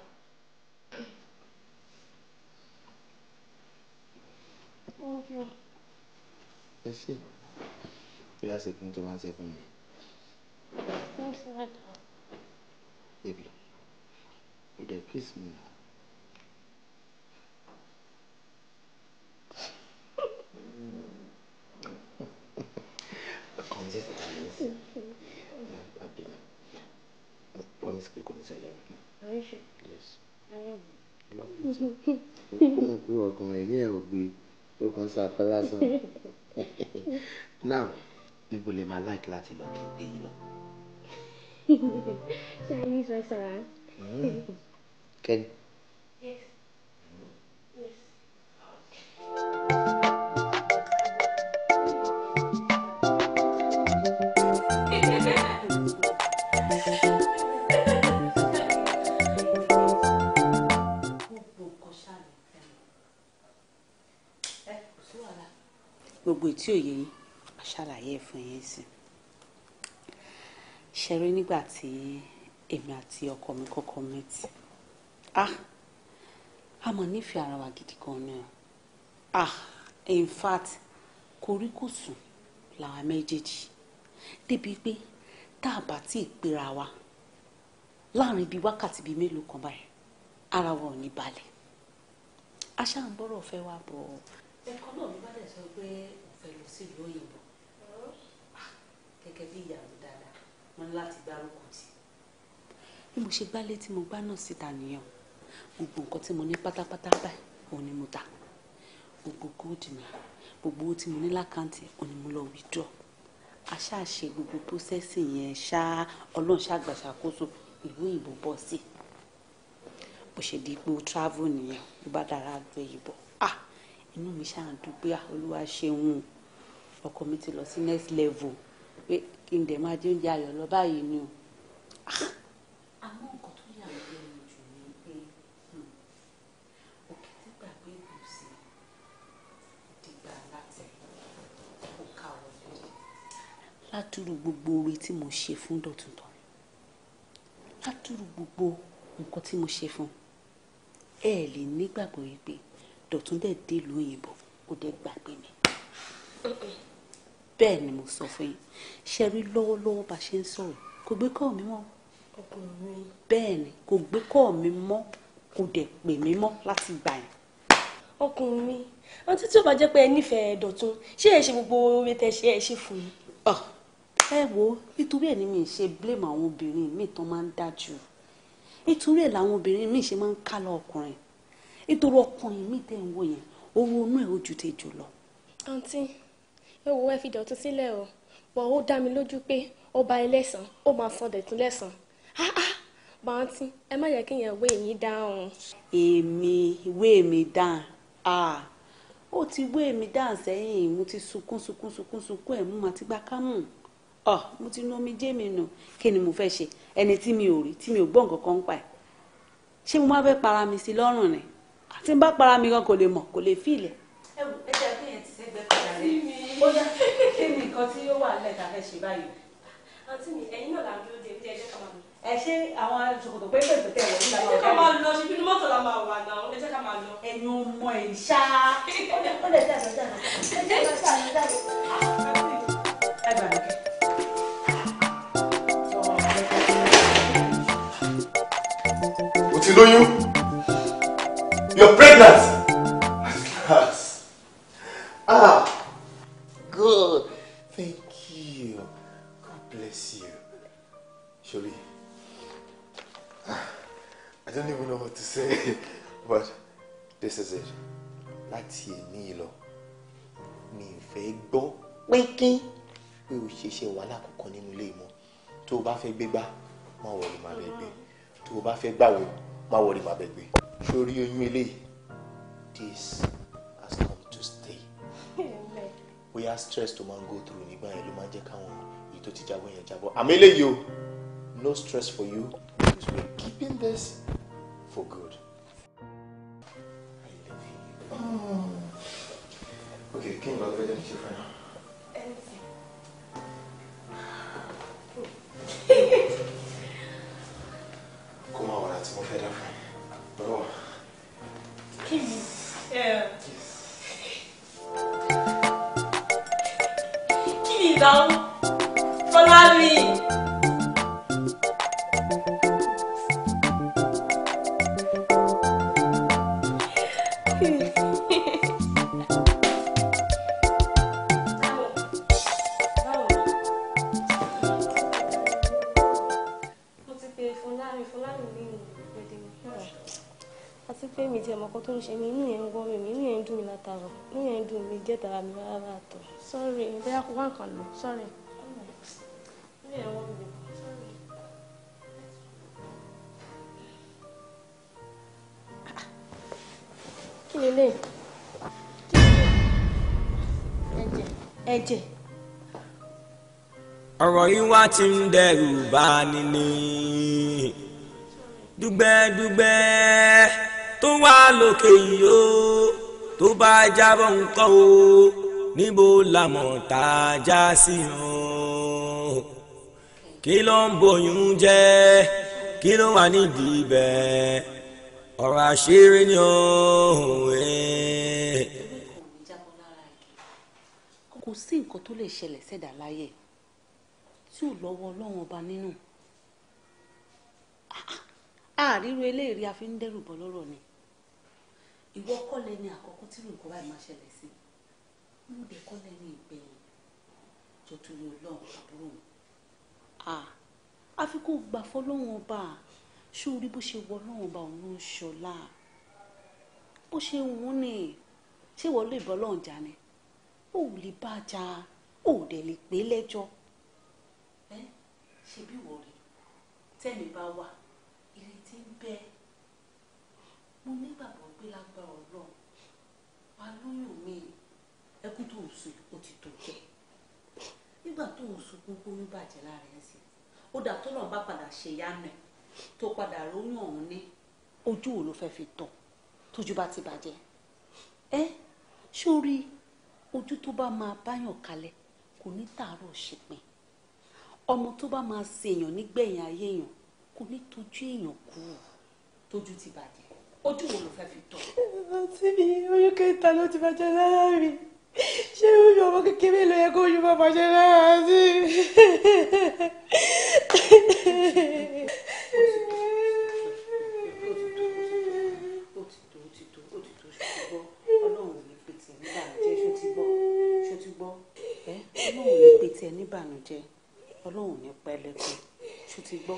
Ẹ ṣe bí a ṣe kún tó máa ń ṣe fún mi. Thanks, Mother. Baby, it appears me now. pé kò ní ṣẹlẹ̀ o. yes. ọkùnrin pé ọkùnrin ní ẹ̀rọ gbé ó kàn ṣàpá lásán now níbo lè máa láìkí láti lọ kí n gbé yín lọ. Chinese restaurant. Mm. Kenny. gbogbo ètí òye yín a ṣàlàyé ẹ̀ fún yín sí ṣe rí nígbà tí èmi àti ọkọ mi kọ́kọ́ mẹ́tì ah a mọ̀ nífẹ̀ẹ́ ara wa gidi gan ni o ah in fact koríkòsùn làwọn méjèèjì débi pé tá a bá tí ì pera wa láàrin bíi wákàtí bíi mélòó kan báyìí ara wa ò ní balẹ̀ a ń bọ́rọ̀ fẹ́ wa bọ̀ ẹ̀kọ́ náà ló bá dẹ̀ sọ pé pẹ̀lú sílùú òyìnbó ah, gẹ́gẹ́ bí ìyàwó dáadáa wọn láti gbárùkù tì bí mo ṣe gbálé tí mo gbá náà síta nìyẹn gbogbo nǹkan tí mo ní pátápátá báyìí òun ni mo ta gbogbo góòdù mi gbogbo owó tí mo ní lákàntì òun ni mo lọ withdraw aṣáàṣe gbogbo pósẹ́sì yẹn ṣá ọlọ́run ṣàgbàṣàkóso ìlú òyìnbó bọ́ sí bó ṣe di pé travel nìyẹn ló bá dára gbé yìí inú mi ṣáà ń dúpẹ́ ah, olúwa ṣeun ọkọ mi ti lọ sí next level pé kí n dẹ̀ máa jẹ oúnjẹ ayọ̀ lọ báyìí ni o. Ah! ni pé hmm, òkè tí gbàgbé ìlú sí dìgbà láti kó ká wọlé. látúrú gbogbo oore tí mo ṣe fún dọ̀tún tán látúrú gbogbo nǹkan tí mo ṣe fún ẹ lè nígbàgbọ́ yìí pé Dọ̀tún dẹ̀ dé ìlú òyìnbó ó dẹ̀ gbàgbé mi bẹ́ẹ̀ ni mo sọ fún yín ṣe rí lọ́wọ́lọ́wọ́ bá ṣe ń sọ̀rọ̀ kò gbé kọ́ mi mọ́ bẹ́ẹ̀ ni kò gbé kọ́ mi mọ́ kò dẹ̀ pè mí mọ́ láti gbà yín. ọkùnrin àǹtí tí ó bá jẹ́ pé ẹ nífẹ̀ẹ́ Dọ̀tún ṣé ẹ ṣe gbogbo oore tẹ ṣe ẹ ṣe fún mi. Ah, ẹ wo nítorí ẹ ní mi ṣe blame àwọn obìnrin mi tán máa ń dájú nítorí ẹ làwọn obìnrin mi ṣe máa ń ká ọkùnrin nítorí ọkùnrin mi tẹ̀ ń wò yẹn ó ronú ẹ̀ ojú tejò lọ. àǹtí ẹ wo ẹ fi dọ̀tún sílẹ̀ o bọ̀ ó dá mi lójú pé ọba ẹlẹ́sàn ó máa san dẹ̀tún lẹ́sàn bàǹtí ẹ má yẹ kí yẹn wé yín dáhùn. èmi ìwé mi dáhùn ó ti wé mi dáhùn sẹ́yìn mo ti sunkún sunkún sunkún sunkún ẹ̀ mú ma ti gbá kámù ọ mo ti nu omi jẹ́ mi nù kí ni mo fẹ́ ṣe ẹni tí mi ò rí tí mi ò gbọ́ nǹkan pa ẹ̀ ṣé mo máa fẹ́ para mi sí lọ́rùn rẹ̀ tí n bá para mi gan kò lè mọ̀ kò lè fi ilẹ̀. ẹ wò ẹ jẹ́ kí yẹn ti ṣẹ́gbẹ́ padà rẹ̀ ó yá kí ni nǹkan tí ó wà nílẹ̀ fẹ́ ṣe báyìí. àǹtí mi ẹ̀yin náà là ń dúró ẹjẹ́ kan máa lọ. ẹ ṣe àwọn ṣòkòtò pé pèsè tẹ wọ nígbà náà. ẹ jẹ́ ká máa lọ ṣe bínú mọ́tò la máa wà náà ẹ ká máa lọ. ẹ̀yin ò mọ ṣá. ó lè dà lọ́jà náà ẹ jẹ́ ká ṣàlọ́ jáde. ẹ that? That's Ah. Good. Thank you. God bless you. Surely. I don't even know what to say, but this is it. Láti èmi lọ, mi fẹ́ gbọ́ pínpín pé o ṣe ṣe wàhálà kankan nínú ilé mọ́. Tó o bá fẹ́ gbégbá, má wọrí má bẹ̀ gbé. Tó o bá fẹ́ gbàwé, má wọrí má bẹ̀ gbé. Sórí oyún eléyìí days has come to stay. bóyá stress tó máa ń go through nígbà yẹn ló máa ń jẹ́ káwọn èyí tó ti jábọ́ yẹn jábọ́ àmì eléyìí o no stress for you because we are keeping this for good. Hmm. okay kí n lọ lọ́wọ́ jẹ́ mi ṣe fún náà. kan lọ sorry. ilé ẹ̀wọ̀n mi. kí ni lè ẹ̀jẹ̀ ẹ̀jẹ̀. ọ̀rọ̀ yìí wá ti ń dẹ́rù bá ní ní dúgbẹ́dúgbẹ́ tó wà lókè yìí ó tó bá jábọ̀ nǹkan o níbo làmọ̀ tá a já sí o kí ló ń bòyún jẹ́ kí ló wà nídìí bẹ́ẹ̀ ọ̀rọ̀ àṣírí ni ó hùwé. kò sí nǹkan tó lè ṣẹlẹ̀ sẹ́dà láyé tí ò lọ́wọ́ ọlọ́run ọba nínú àríro eléyìí a fi ń dẹ́rù bọ́ lọ́rọ̀ ni ìwọ kọ́ lẹni àkọ́kọ́ tí nǹkan báyìí máa ṣẹlẹ̀ mo dẹ̀ kọ́ lẹ́nu ìgbẹ̀yìn tó torí ọlọ́run àbúrò mi àfi kó gbà fọlọ́run ọba ṣó orí bó ṣe wọ ọlọ́run ọba òun ló ń ṣọlá bó ṣe wùn ni ṣé wọ́n lè bọ́ ọlọ́run jà ni ó ò lè bá a jà ó ò dẹ̀ lè pè é lẹ́jọ́ ṣe bí wọ́n rí tẹ́mi bá wà ìrètí ń bẹ mo nígbàgbọ́ pé lágbára ọlọ́run wà lóyún mi ẹkún tó ń sun ó ti tó jẹ nígbà tó ń sunkún kó ń bàjẹ́ lára ẹ̀ sí ó dà tó náà bá padà ṣe ìyanu ẹ̀ tó padà róyún ọ̀hún ní ojú wo ló fẹ́ fi tọ̀ tójú bá ti bàjẹ́ ẹ sórí ojú tó bá máa báyàn kalẹ̀ kò ní tààrọ̀ ṣèpin ọmọ tó bá máa ṣèyàn nígbẹ̀yìn ayé èèyàn kò ní tójú èèyàn kú tójú ti bàjẹ́ ojú wo ló fẹ́ fi tọ̀. àti mi oyún kẹta ló ti bàjẹ́ lára mi ṣé ó yọ ọmọ kékeré ló yẹ kó yún bàbá ṣe lára sí ọlọ́run ní ní pẹlẹkùn ṣó ti gbọ́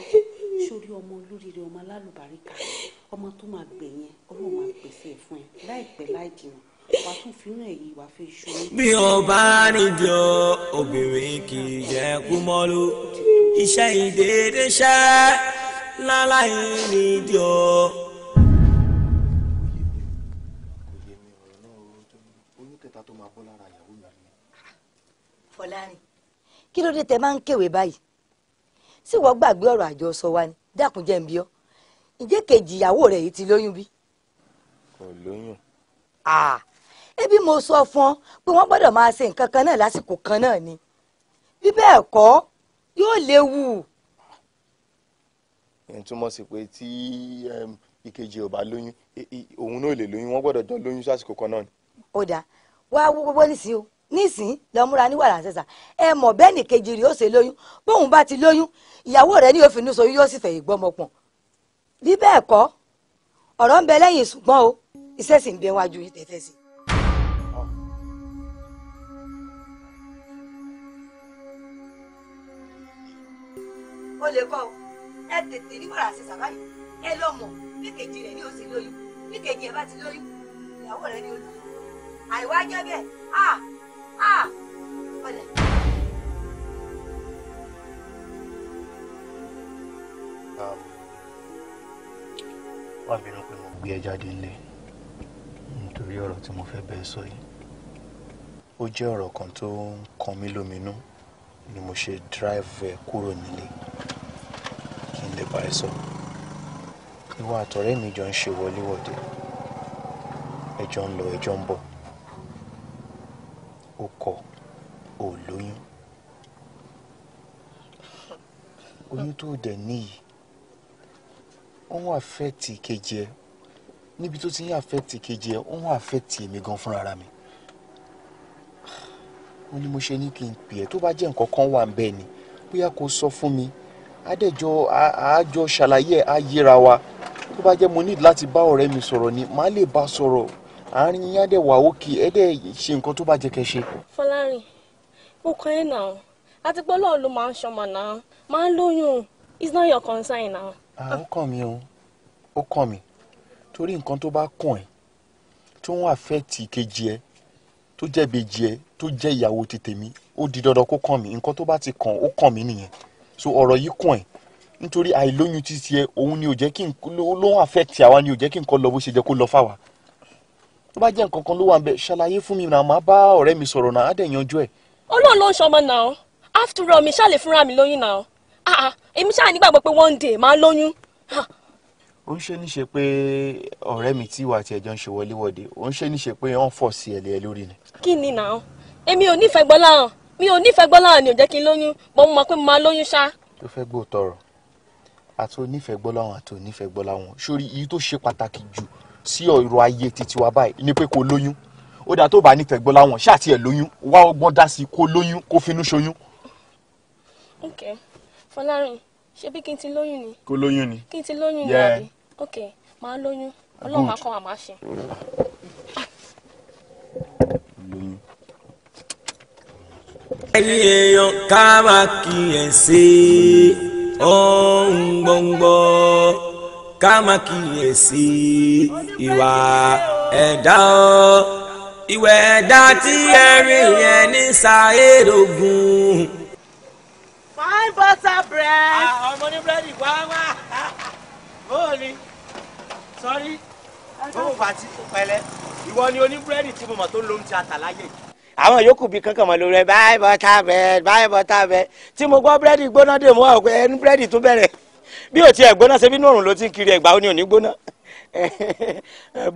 sórí ọmọ olóríire ọmọ alálùbáríkà ọmọ tó máa gbẹ̀yìn ọlọ́run máa pèsè fún ẹ láìpẹ́ láì bí ọba níjọ obìnrin kì í jẹ́ kú mọ́lú iṣẹ́ ìdédé ṣẹ́ láláì níjọ. fọlárin kí ló dé tẹ máa ń kéwèé báyìí sí wọ́n gbàgbé ọ̀rọ̀ àjọsọ wa ni dákun ń bí ọ́ ǹjẹ́ kejì ìyàwó rẹ̀ yìí ti lóyún bí. kò lóyún. Ah! ebi mo sọ fún ọ pé wọ́n gbọ́dọ̀ máa ṣe nǹkan kan náà lásìkò kan náà ni bí bẹ́ẹ̀ kọ́ yóò léwu. ẹ̀ ń túmọ̀ sí pé tí ìkejì ò bá lóyún òun náà lè lóyún wọ́n gbọ́dọ̀ jọ lóyún sásìkò kan náà ni. ó dáa wá wó gbogbo nísìnyí o nísìnyí lọ múra ní wàrà ṣẹṣà ẹ mọ̀ bẹ́ẹ̀ ni kejì rẹ̀ ó ṣe lóyún bóun bá ti lóyún ìyàwó rẹ̀ ní òfin nìṣó yóò sì fẹ̀yìn gbọ́mọ pọ̀n bí bẹ́ẹ̀ kọ́ ọ̀rọ̀ ń bẹ lẹ́yìn ṣùgbọ́n o iṣẹ́ sì ń bẹ wájú tẹ̀tẹ̀ sí i. o lè kọ́ o ẹ tètè ní wàrà ṣe sàbáyé ẹ lọ mọ̀ bí kejì rẹ̀ ní o sì lóyún bí kejì ẹ̀ bá ti lóyún ìyàwó rẹ̀ ní o lóyún àìwá jẹ́ bẹ́ẹ̀ a a ọ̀lẹ̀. Um, wá bínú pé mo gbé ẹ jáde nílé nítorí ọ̀rọ̀ tí mo fẹ́ bẹ́ẹ̀ sọ yìí ó jẹ́ ọ̀rọ̀ kan tó ń kan mí lóminú. No? ni mo ṣe dráìvù ẹ kúrò nílé kí n lè bá ẹ sọ ìwọ àtọ̀rẹ́ mi jọ ń ṣe wọléwọ̀de ẹjọ́ ń lọ ẹjọ́ ń bọ̀ ó kọ̀ ó lóyún oyún tó dẹ̀ níyì ó ń àfẹ́ẹ̀tì kejì ẹ níbi tó ti ń àfẹ́ẹ̀tì kejì ẹ ó ń àfẹ́ẹ̀tì èmi gan fúnra mi ó ní mo ṣe ní kí n pè ẹ́ tó bá jẹ́ nǹkan kan wà ń ni bóyá kó sọ fún mi adẹjọ àájọ ṣàlàyé ẹ wa tó bá jẹ́ mo need láti bá ọ̀rẹ́ mi sọ̀rọ̀ ni màá lè bá sọ̀rọ̀ àárín yín á dẹ̀ wà ókè ẹ dẹ̀ ṣe nǹkan tó bá jẹ́ kẹ́ ṣe. fọlárin mo kàn ẹ́ náà àti pé ọlọ́run ló máa ń ṣọmọ náà máa ń lóyún it's not your concern náà. àwọn kàn mí o ó kàn mí torí nǹkan tó bá kàn ẹ́ tó ń affect kejì ẹ tó jẹ́ ìbejì ẹ tó jẹ́ ìyàwó ti tèmi ó di dandan kó kàn mí nǹkan tó bá ti kàn ó kàn mí nìyẹn so ọ̀rọ̀ yìí kàn ẹ́ nítorí àìlóyún ti tiẹ̀ òun ni ò jẹ́ kí n ló ń affect àwa ni ò jẹ́ kí nǹkan lọ bó ṣe jẹ́ kó lọ fáwa tó bá jẹ́ nǹkan kan ló wà ń bẹ ṣàlàyé fún mi náà má bá ọ̀rẹ́ mi sọ̀rọ̀ náà á dẹ̀ yanjú ẹ̀. ọlọ́run ló ń ṣọmọ náà after all mi ṣáà lè fúnra mi lóyún náà ah, ah, èmi ṣáà nígbàgbọ́ pé one day máa lóyún ah, ó ń ṣe níṣe pé ọ̀rẹ́ mi tí ìwà àti ẹ̀jọ́ ń ṣe wọléwọ̀de ó ń ṣe níṣe pé wọ́n fọ̀ sí ẹ̀lẹ́ ẹ lórí ni. kí ni nà án èmi ò nífẹ̀ẹ́ gbọ́lá hàn mi ò nífẹ̀ẹ́ gbọ́lá hàn ni ò jẹ́ kí n lóyún bọ́ mo mọ̀ pé mo máa lóyún ṣá. tó fẹ́ gbọ́ tọrọ àti onífẹ̀ẹ́ gbọ́lá hàn àti onífẹ̀ẹ́ gbọ́lá hàn sórí iye tó ṣe pàtàkì jù sí ọ̀rọ̀ ayé titi wa báyìí ni pé kó lóyún ó dáa tó bá nífẹ̀ẹ́ gbọ́lá hàn ṣáà tiẹ̀ lóyún wá ọgbọ́n dá sí kó lóyún kó finú ṣoyún. okay fọlárin ṣé bí kí n ti lóyún ni. kó lóyún ni. kí n ti lóyún ni àbí ok máa lóyún ọlọ́run akọ wa ṣe. ẹ̀yin èèyàn ká máa kíyèsí ohun gbọ̀ngbọ̀n ká máa kíyèsí ìwà ẹ̀dá ọ́ ẹ̀dá tí ẹ̀rí yẹn ní sàyẹ̀dógún fine butter bread. ọmọ ní búrẹ́dì wá wá bóò ni sọrí bóò bá ti pẹ̀lẹ́ ìwọ ni oní búrẹ́dì tí mo mọ̀ tó ń lo oúnjẹ àtàláyè. àwọn yòókù bíi kankan mọ̀ lórí ẹ báyìí butter bread báyìí butter bread tí mo gbọ́ búrẹ́dì gbóná dè mọ́ ọ̀pẹ ẹni búrẹ́dì tún bẹ̀rẹ̀ bí ò tiẹ̀ gbóná ṣe bínú òrùn ló ti ń kiri ẹ̀gbá ó ní òní gbóná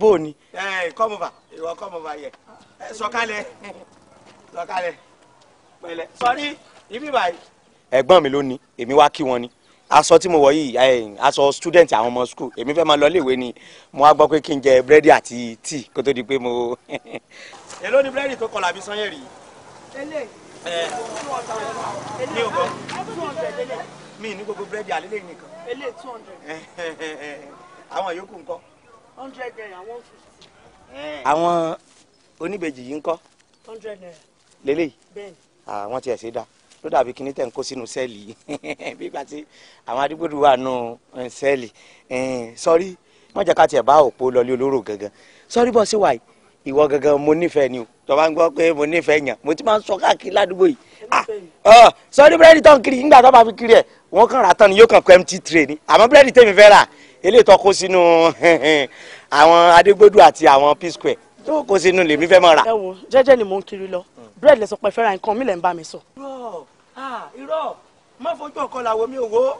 bóò ni. ẹ kọ́mọ̀bà ìwọ kọ́mọ̀bà yẹ sọ̀kalẹ̀ sọ̀kalẹ̀ pẹ̀lẹ́ sọrí ibi báyìí ẹ̀gbọ́n mi ló ní èmi wá kí wọn ni aṣọ tí mo wọ̀ yìí aṣọ student àwọn ọmọ school èmi fẹ́ máa lọ iléèwé ni mo wá gbọ́ pé kí n jẹ búrẹ́dì àti tíì kó tó di pé mo. èló ni búrẹ́dì tó kọ làbí sanyẹ̀ rí. ẹlẹ́ ní o bọ̀ mi ní gbogbo búrẹ́dì àlélẹ́ nìkan. ẹlẹ́ two hundred. àwọn yòókù ńkọ́. hundred naira one fifty. àwọn oníbejì yìí ńkọ́. hundred naira. lélẹ́yìí. bẹ́ẹ̀ni. àwọn tiẹ̀ ṣe dáa ló dàbí kíní tẹ̀ ń kó sínú sẹ́ẹ̀lì yìí bí ìgbà tí àwọn àdúgbò tó wà nù sẹ́ẹ̀lì sọ́rí wọ́n jẹ́ ká tiẹ̀ bá òpó lọlé olóró gangan sọ́rí bọ́ sí wa ìwọ gangan mo nífẹ̀ẹ́ ni o tó ń gbọ́ pé mo nífẹ̀ẹ́ yàn mo ti máa ń sọ káàkiri ládùúgbò yìí ah, sọ́rí búrẹ́dì tó kiri nígbà tó bá fi kiri ẹ̀ wọ́n kàn rà tán ni yóò kàn kó empty tray àmọ́ búrẹ́dì tèmi fẹ́ rà eléyìí tó kó sínú àwọn adégbòdù àti àwọn p square tó kò sínú lèmi fẹ́ máa rà. ẹ wo jẹ́jẹ́ ni mò ń kiri lọ bread lẹ sọ pé fẹ́ràn nǹkan mi lẹ̀ ń bá mi sọ. irọ́ ah, irọ́ má fojú ọkọ làwọn mi ò wò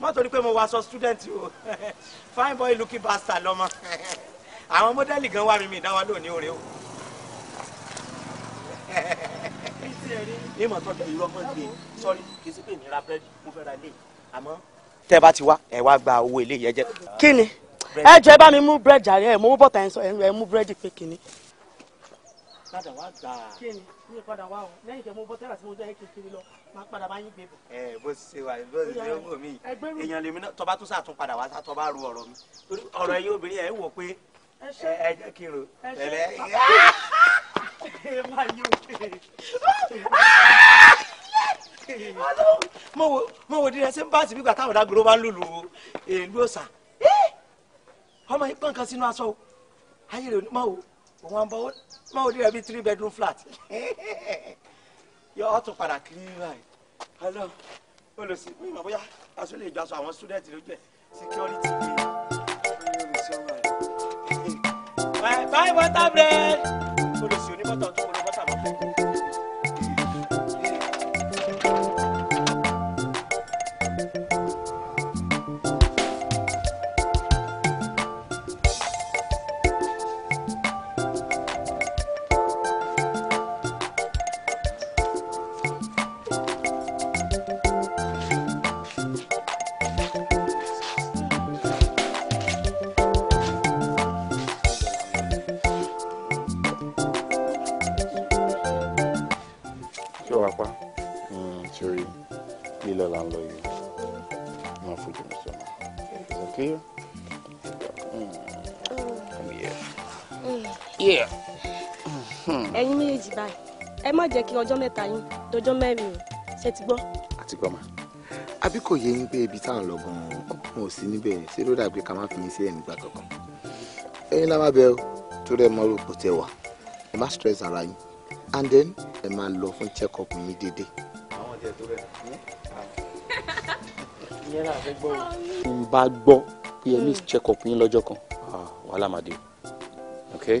má torí pé mo wá sọ student o fine boy looking bastard lọ́mọ àwọn mọ́dẹ́lì gan wà mí mi ìdáwọ́ lónìí òre o. ìmọ̀ tọ́jú irọ́ mọ́ gbé sọ́rí kì í sí pé ìnira búrẹ́dì mo fẹ́ ra ilé àmọ́. tẹ́ bá ti wá ẹ wá gba owó ilé yẹn jẹ. kí ni ẹ jẹ́ bá mi mú búrẹ́dì jàre ẹ mú bọ́tà ẹ mú búrẹ́dì pé kínní. padà wá gbà á. kí ni mi padà wá o lẹ́yìn tẹ mo bọ́ tẹ́lá tí mo jẹ́ kékeré lọ máa padà bá yín gbé bọ̀. ẹ bó ṣe wà bó ṣe ṣe wò mí èèyàn lèmi náà tọba tún padà wá sá tọba ru ọ̀rọ̀ mi torí ọ̀rọ̀ ẹ̀yin obìnrin ẹ wò pé ẹ jẹ́ kí n ro tẹ́lẹ̀. ẹ má mo wo dídá ṣe ń bá àṣìbí gbà táwọn dágbére bá ń lùlù ìlú ọ̀sà ọmọ yìí pọ́n kan sínú aṣọ o ayé rẹ̀ onímọ̀ o òun àbọ̀ mọ̀ òdi rẹ̀ bíi three bedroom flat yọ ọtún padà kiri báyìí hello olùsí mi mọ̀ bóyá aṣọ lè jọ aṣọ àwọn student lójú ẹ̀ security bye bye butter bread olùsí oníbọ̀tọ̀ tó kọ́ ní bọ́tà mọ́tò. Hmm. ẹ̀yin méjèèjì báyìí ẹ má jẹ́ kí ọjọ́ mẹ́ta yín dọjọ́ mẹ́rin o ṣe ti gbọ́. àti gbọ́ ma àbí kò yẹ yín pé ibi táwọn lọ gan-an ọkùnrin ò sí níbẹ̀ ṣé ló dàgbé ká má fi yín sí ẹ̀ nígbà kankan ẹ̀yin lá má bẹ tó rẹ mọ́ rò kò tẹ wà ẹ má stress ara yín and then ẹ máa lọ fún check up yín déédéé. àwọn ọ̀jẹ̀ hmm? n bá gbọ́ pé ẹ ní check up yín lọ́jọ́ kan ah, wàhálà máa dé ok. okay.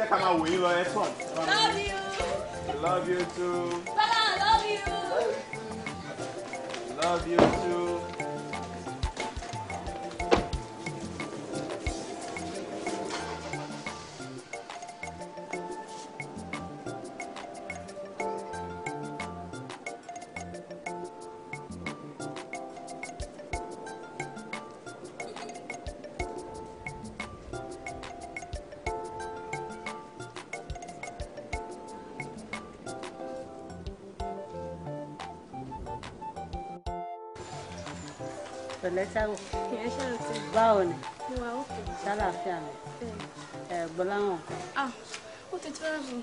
jẹ́ ká máa wò lọ ẹ love you. love you too. bàbá love you. love you too. sáwò. ìyẹn ṣàrò tí. ni. mo wà òkè. ah ó ti travel.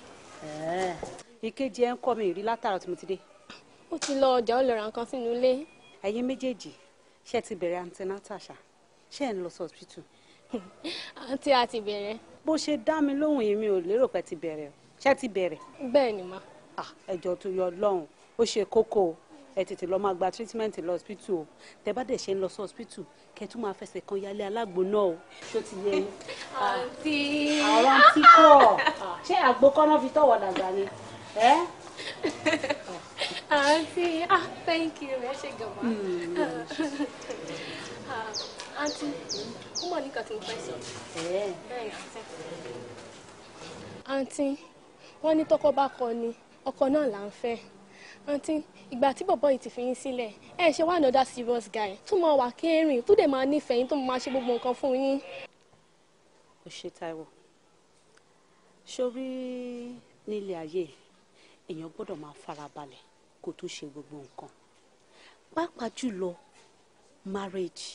ìkejì ẹ ń kọ́ mi ìrí látàrà tí mo ti dé. ó ti lọ ọjà ó lọ ra nǹkan sínú ilé. ẹ̀yin méjèèjì ṣé ti bẹ̀rẹ̀ antenatal ṣá ṣé ń lọ sí hospital. àǹtí a ti bẹ̀rẹ̀. bó ṣe dá mi lóhùn yìí mi ò lérò pé ti bẹ̀rẹ̀ ṣé ti bẹ̀rẹ̀. bẹ́ẹ̀ ni ma. Ah, ẹjọ́ tó yọ lọ́hùn ó ṣe kókó ẹ tètè lọ máa gba treatment lọ hospital o tẹ bá dẹ̀ ṣe ń lọ sí hospital kẹ tún máa fẹsẹ̀ kan yálé alágbo náà o. ṣó ti yé yín. àǹtí. àwọn àǹtí kọ ṣé àgbo kọ́nà fi tọ̀wọ̀ dàgbà ni. àǹtí ah thank you ẹ ṣe gàmà. Hmm, ah, àǹtí ó mọ̀ nígbà tí mo fẹ́ sọ. àǹtí wọ́n ní tọ́kọ bá kọ ni ọkọ náà là ń fẹ́ àǹtí ìgbà tí bọ̀bọ̀ yìí ti fi yín sílẹ̀ ẹ ṣe wá another serious guy tó máa wà kẹrin tó dẹ̀ máa nífẹ̀ẹ́ yín tó máa ṣe gbogbo nǹkan fún yín. ó ṣe Táíwò sórí nílé ayé èèyàn gbọ́dọ̀ máa farabalẹ̀ kó tó ṣe gbogbo nǹkan pàápàá jùlọ marriage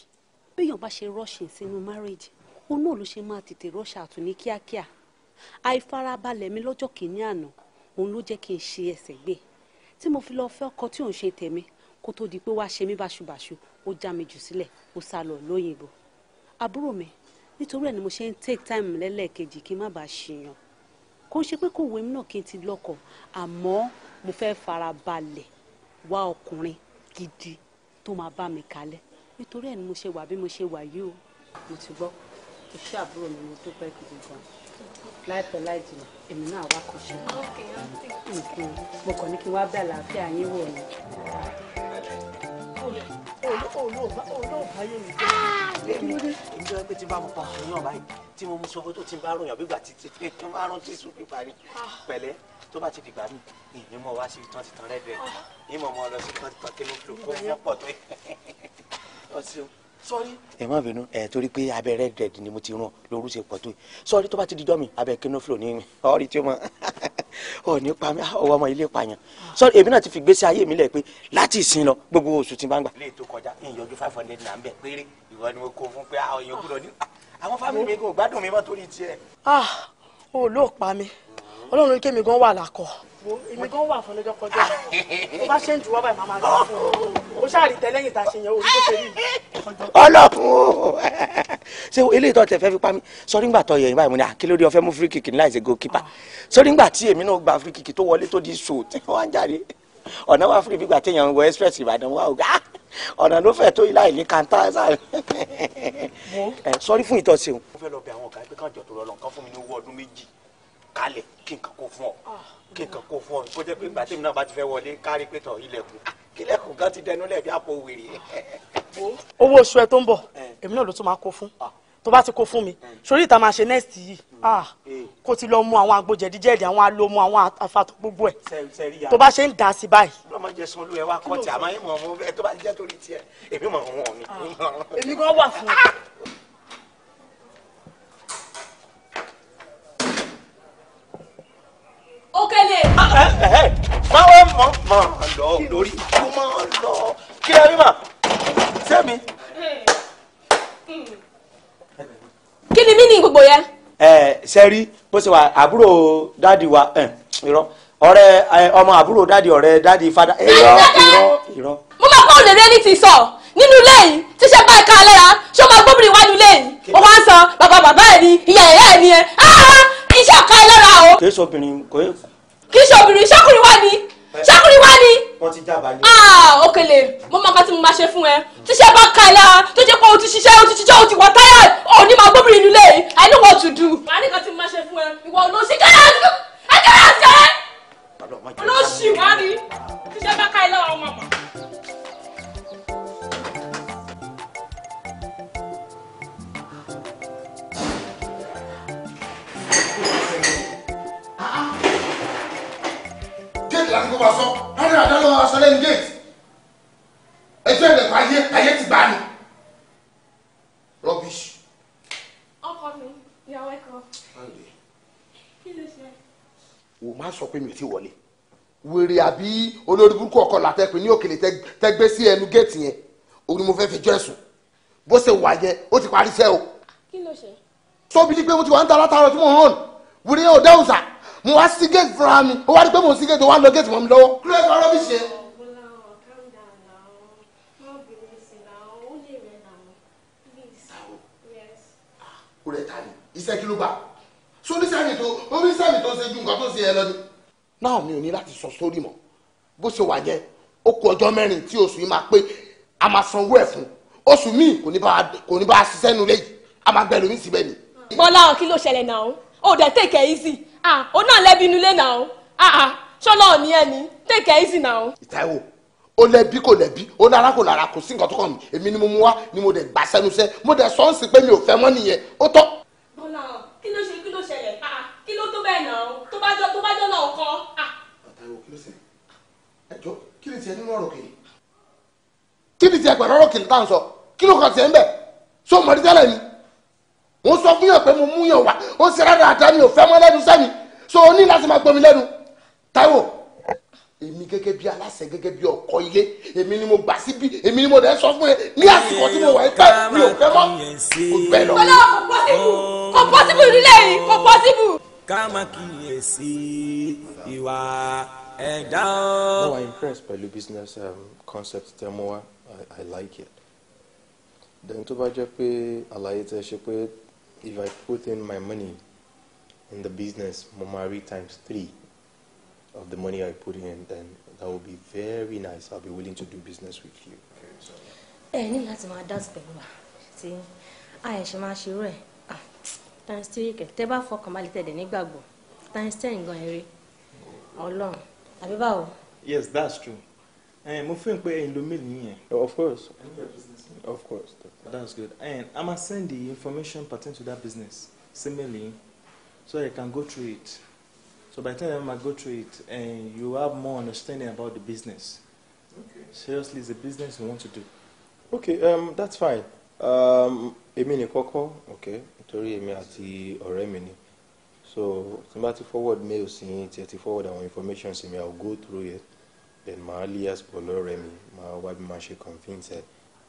béèyàn bá ṣe rushing sínú marriage òun náà ló ṣe máa tètè rush àtún ní kíákíá àìfarabalẹ̀ mi lọ́jọ́ kìíní àná òun ló jẹ́ kí n ṣe ẹsẹ̀ gbé e tí mo fi lọ fẹ́ ọkọ tí ò ń ṣe tèmi kó tó di pé wá ṣe mí báṣubàṣu ó já mi jù sílẹ̀ ó sá lọ lóyìnbó àbúrò mi nítorí ẹ̀ ni mo ṣe ń take time lẹ́lẹ́kejì kí n má bàa ṣìyàn kò ń ṣe pé kò wé mi náà kí n ti lọ́kọ àmọ́ mo fẹ́ fara balẹ̀ wá ọkùnrin gidi tó máa bá mi kalẹ̀ nítorí ẹ̀ ni mo ṣe wà bí mo ṣe wà yìí o mo ti gbọ́ iṣẹ́ àbúrò mi mo dúpẹ́ gidi gan láìpẹ́ láì jìnnà èmi náà wá kò ṣe mo kàn ní kí n wá bẹ̀ àlàáfíà yín wò ni. èmi ọgbẹ́ tí bá mo pa ọ̀hún náà báyìí tí mo mú sọ pé tó ti bá ròyìn àbígbà tí ti fi bá rún tí sùn pípa rí pẹ̀lẹ́ tó bá ti dìgbà mí ìní mo wá sí tán ti tán rẹ́dẹ̀ẹ́ ìmọ̀ mo lọ sí tán ti tán kí ló fi lò kó fún pọ̀ tó yẹ ọ̀sìn sọrí. ẹ má bínú ẹ torí pé abẹ́rẹ́ dẹ̀dì ni mo ti rán lóru ṣe pọ̀ tó yìí sọrí tó bá ti di jọ́mi abẹ́ kínófìlò ní ọ̀rí tí ó mọ òní pa mí ah, ọwọ́ ọmọ ilé pààyàn sọrí èmi náà ti fi gbèsè ayé mi lẹ̀ pé láti ìsìn lọ gbogbo oṣù tí n bá ń gbà. ilé ètò kọjá ìyànjú five hundred naira ń bẹ péré ìwọ ni mo kó fún pé ọyàn ah, gbúdọ̀ ní ah, àwọn fámìlì mi kò gbádùn mi mọ́ torí tiẹ̀. ah o ló pa mi ọlọ́run ní kémi gan wà lákọ̀. èmi gan wà fún lọ́jọ́ kọjá tó bá ṣe ń juwọ́ báyìí máa máa gbà fún un ó ṣáà rí tẹ́lẹ́yìn yẹn orí tó ṣe rí i ọlọ́kun o eléyìí tó tẹ̀ fẹ́ fi pa sọrí ńgbà tó yẹ̀yìn báyìí mo ní àkílódé ọ̀fẹ́ mú free kick láì ṣe goalkeeper sọrí ńgbà tí èmi náà gba free kick tó wọlé tó di so tí wọ́n ń jáde ọ̀nà wà fún ìgbà téèyàn ń wọ express ìbàdàn wà ọ̀gá ọ̀nà ló fẹ́ tó ilá ìní kanta sáré sọrí fún ìtọ́sí mo fẹ́ lọ bẹ àwọn ọ̀gá ẹgbẹ́ kan jọ tó nǹkan fún mi ní owó ọdún méjì kálẹ̀ kí nǹkan kó fún ọ ah kí nǹkan kó fún ọ kó jẹ́ pé gbàtẹ́mi náà bá ti fẹ́ wọlé kárí pé tọ̀ ilẹ̀kùn ah, kílẹ̀kùn gan ti dẹnu lẹ̀ bí àpò wèrè. owó oṣù ẹ tó ń bọ̀ eh. èmi náà ló tún máa kó fún ah. tó bá ti kó fún mi eh. sórí ìta máa ṣe next yìí hmm. ah, eh. kó ti lọ mú àwọn agbójẹdíjẹdì àwọn alomu àwọn afatọ gbogbo ẹ tó bá ṣe ń dà sí báyìí. lọ́mọ jẹ sọ olúwẹ̀ wa kọ́ tí a máa ń mọ̀ ọ́n tó bá jẹ́ torí tiẹ̀ èmi mọ̀ ọ́n mi. èmi gan wà fún un. Okele. Ah, eh, eh, eh. Má wẹ́ mọ̀ mọ̀ lọ lórí ikú mọ̀ lọ. Kí lẹ rí mà? Sẹ́mi. Kí ni mí ní gbogbo yẹn? Ẹ ṣe rí bó ṣe wà àbúrò dáàdi wa irọ́ ọ̀rẹ́ ọmọ àbúrò dáàdi ọ̀rẹ́ dáàdi fada irọ́ irọ́ irọ́. Mo máa kọ́ òdèdè ní ti sọ nínú ilé yìí tí ṣe bá ẹ̀ka alẹ́ ra ṣé o máa gbóbìnrin wá nílé yìí. Ó wá ń sọ bàbá bàbá ẹ̀ ni ìyá ẹ̀yà ẹ̀ ni ẹ̀. Ah! yìí ṣàkà ẹ lọ́ra o. kì í ṣobìnrin kò é. kì í ṣobìnrin ṣọkùnrin wà ní ṣọkùnrin wà ní. wọ́n ti dábàá ní. aa ah, Okele mo máa ka tí mo máa ṣe fún ẹ tíṣẹ́ bá ka ẹ lára tó jẹ́ pé o ti ṣiṣẹ́ o ti ṣiṣẹ́ o ti wà táyà òní máa gbóbìnrin nílé yìí I know what to do. màá ní kan tí mo máa ṣe fún ẹ ìwọ ló ṣe kẹ́lá ẹ kẹ́lá ṣe. olóṣì wá ní tíṣẹ́ bá ka ẹ lára ọmọ mọ̀. géètì láti kó wa sọ rárá àdá lọ́wọ́ aṣọ lẹ́nu géètì ẹjọ́ ẹ̀dẹ̀kọ̀ ayé ayé ti gbà ní. rubbish. ọkọ mi ìyàwó ẹkọ. kí ló ṣe. wò má sọ pé mi ò tí wọlé wèrè àbí olórí burúkú ọkọ làtẹpẹ ní òkèlè tẹgbẹ sí ẹnu géètì yẹn òun ni mo fẹ́ fi jọ ẹ̀sùn bó ṣe wà yẹn ó ti parí iṣẹ́ o. kí ló ṣe. sọ bí ní mo ti wà ń ta látara tí mo hàn wúri yẹn ò mo wá sí gate fúnra mi ó wá rí pé mo sí gate ó wá lọ gate mọ́ mi lọ́wọ́ kí ló fẹ́ rọ́bì ṣe. kò rẹ̀ ta ni iṣẹ́ kí ló bá sóríṣẹ́mi tó oríṣẹ́mi tó ṣe ju nǹkan tó ṣe ẹ lọ náà mi ò ní láti sọ sórí mọ́ bó ṣe wà yẹn ó kù ọjọ́ mẹ́rin tí oṣù yìí máa pé a máa sanwó ẹ̀ fún oṣù míì kò ní bá a ṣiṣẹ́ nulẹ̀ yìí a máa gbẹ lómi síbẹ̀ ni. bọ́lá kí ló ṣẹlẹ̀ náà ó dẹ̀ tèkẹ́ yìí sí ah o náà lẹ́bi inú ilé náà ah ah ṣọlá ò ní take it easy now. ìtàwọ̀ ó lẹ́bi kò lẹ́bi ó lára kò lára kò sí nǹkan tó kàn mí èmi ni mo mú wá ni mo dẹ̀ gbà sẹ́nu sẹ́ mo dẹ̀ sọ ọ́n sí pé mi ò fẹ́ mọ́ nìyẹn ó tọ́. bọ́lá kí ló ṣe kí ló ṣẹlẹ̀ ah, ah, kí ló tó bẹ́ẹ̀ náà tó bá jọ tó bá jọ náà kọ́. àtàwọn ah. kí ló ṣe ẹjọ́ kí ni tiẹ̀ nínú ọ̀rọ̀ kìíní. kí ni tiẹ̀ pẹ̀lú ọ̀rọ̀ kìíní tá à ń sọ kí ló kàn tiẹ̀ ń bẹ̀ mo sọ fún yàn pé mo mú yàn wá ó ṣe rárá àdá ò fẹ́ mọ́ lẹ́nu sẹ́mi so o ní láti máa gbomi lẹ́nu Táíwò èmi gẹ́gẹ́ bí aláṣẹ gẹ́gẹ́ bí ọkọ ilé èmi ni mo gbà síbi èmi ni mo dẹ̀ sọ fún ẹ ní àsìkò tí mo wà ẹ pẹ́ mi ò fẹ́ mọ́ kò bẹ́ẹ̀ lọ. ọlọ́wọ́ kò pọ́sibù kò pọ́sibù nílé yìí kò pọ́sibù. ká má kíyèsí ìwà ẹ̀dá. no i'm impressed pẹ̀lú business um, concept tẹ́ mú wá i like it. then tó bá jẹ́ pé àlàyé tẹ́ ṣe pé if I put in my money in the business Momari times three of the money I put in, then that will be very nice. I'll be willing to do business with you. Okay, eh, ní láti máa dá sí pẹ̀lú wa tí àìṣe máa ṣe irú times three kẹ̀ tẹ́ bá fọkàn balẹ̀ times ten yes that's true eh, mo fẹ́ pé ẹ̀yin ló of course. Of course. Doctor. That's good. And I'm going send the information pertaining to that business, similarly, so you can go through it. So by the time I go through it, and you have more understanding about the business. Okay. Seriously, it's a business you want to do. Okay, um, that's fine. Um, èmi ni kọ́kọ́ okay nítorí èmi àti ọ̀rẹ́ mi ni so tí n bá ti forward mail sí yín tí ti forward àwọn information sí mi i will go through it then màá lias pẹ̀lú ọ̀rẹ́ mi màá wá bí màá ṣe convince ẹ̀.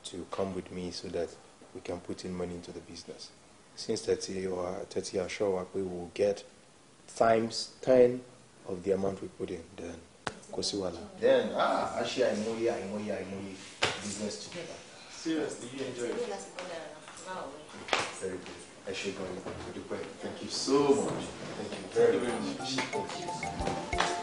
to come with me so that we can put in money into the business. Since 30 or uh, 30 are sure we will get times 10 of the amount we put in, then Kosiwala. Then, ah, actually, I know you, I know you, I know you, business together. Seriously, you enjoy it. Very good. Actually, thank you so much. Thank you very much. Thank you.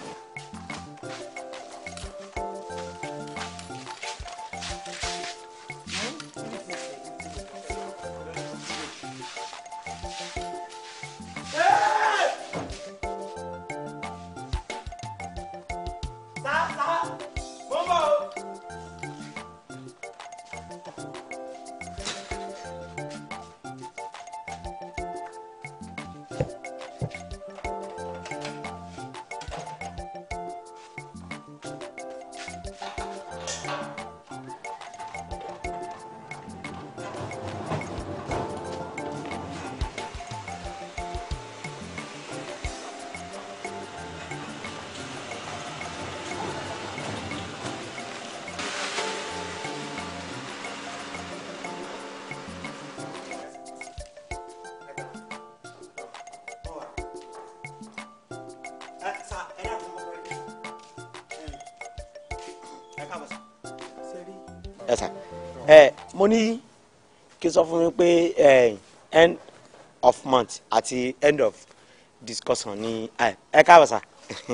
mo ní kí sọ fún mi pé eh, end of month àti end of discussion ni eh, ẹ káàbọ̀ sà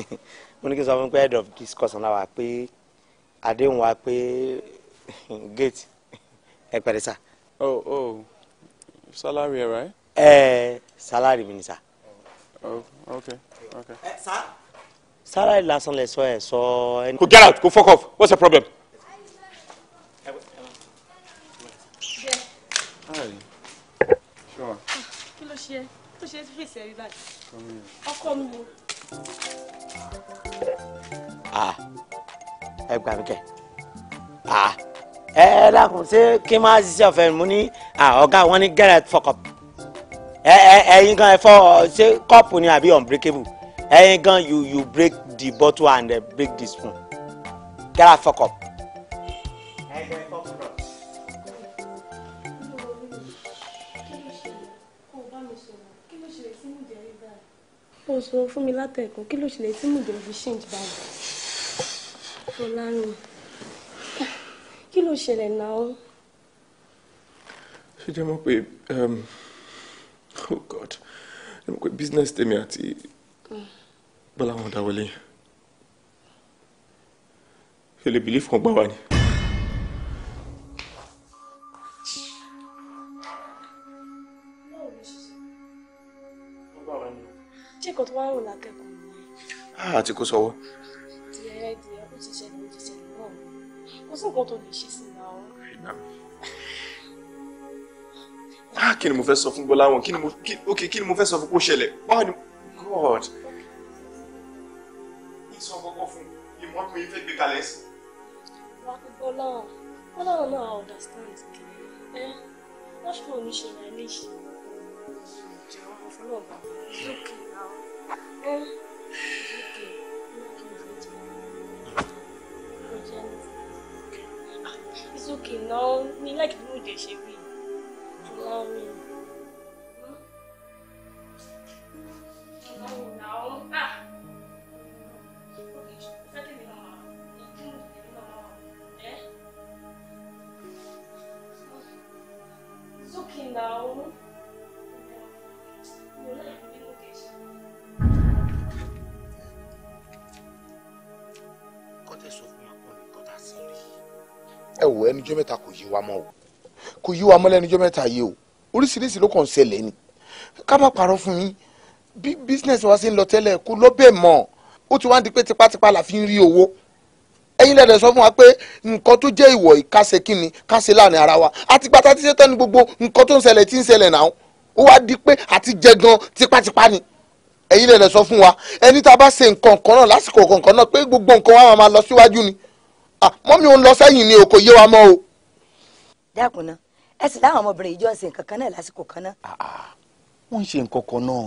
mo ní kí sọ fún mi pé end of discussion làwà pé àdéhùn wa pé gate ẹ pẹ̀lẹ́ sà. oh oh salary ẹ right. ẹ eh, salary mi ni sà. oh okay okay. ẹ sà. salary lásán lè sọ ẹ sọ. go get out go fuck off what's the problem. ló ṣe é tó ṣe é fèsì ẹ̀rí báyìí ọkọ mi wo. ẹ gbà mí kẹ ẹ lákùn ṣé kí n máa ṣiṣẹ́ ọ̀fẹ́ mú ní ọ̀gá wọn ní gẹ́rẹ́ fọkọ̀ ẹ̀yin gan ẹ fọ ṣé ni àbí unbreakable ẹ̀yin gan you you break the bottle and uh, break the spoon gẹ́rẹ́ fọkọ̀. ó sọ fún mi látẹ̀kùn kí ló ṣẹlẹ̀ tí mùjọ fi change báyìí fọlárìn kí ló ṣẹlẹ̀ náà. ṣé jẹ́ mọ̀ pé um, oh god ṣé mọ̀ pé business tèmi àti bọ́lá wọn dáwọlé yẹn ṣe lè believe kan gbá wa ni. nǹkan tó wá ń rò lákẹ́kọ̀ọ́ nìyẹn. a ti kó sọwọ́. díẹ̀ díẹ̀ ó ti ṣẹlẹ̀ ó ti ṣẹlẹ̀ náà kó sí nǹkan tó lè ṣe sí náà. ah kí ni mo fẹ́ sọ fún Gbọ́láwọn kí ni mo ok kí ni mo fẹ́ sọ fún kó ṣẹlẹ̀ báwo ni god. ìsọ kọ́kọ́ fún mi wọ́n pè é fẹ́ gbé kalẹ̀ sí. wàá pé Gbọ́láwọn Gbọ́láwọn náà understand ẹ wọ́n fún òun ṣe ìrìn àlejò ìjọba ọ̀fọlọ́ọ̀bà lókè. It's okay now. Me like you dey ṣe wí. Allow me. lẹ́nujọ́ mẹ́ta kò yí wa mọ́ o kò yí wa mọ́ lẹ́nujọ́ mẹ́ta yìí o oríṣiríṣi ló kàn ń ni ká má parọ́ fún yín bí bísínẹ́sì wa ṣe ń lọ tẹ́lẹ̀ kó lọ bẹ́ẹ̀ mọ́ ó ti wá di pé tipátipá la fi ń rí owó ẹ̀yin lẹ́dẹ̀ sọ fún wa pé nǹkan tó jẹ́ ìwọ̀ ìkásẹ̀ kínni kásẹ̀ láàrin ara wa àti gbàtà tí ṣe tẹ́nu gbogbo nǹkan tó ń ṣẹlẹ̀ tí ń ṣẹlẹ̀ náà ó wá di pé àti jẹ gan tipátipá ni ẹ̀yin lẹ́dẹ̀ sọ fún wa ẹni tá a bá ṣe nǹkan kan náà lásìkò kọ̀ọ̀kan náà pé gbogbo nǹkan wa máa lọ síwájú ni Ah, mọ́mí òun lọ sẹ́yìn ni o kò yé wa mọ́ o. dákun ná ẹ sì láwọn ọmọbìnrin ìjọ ṣe nǹkan kan náà lásìkò kan náà. Ah, ah, wọ́n ń ṣe nǹkan kan náà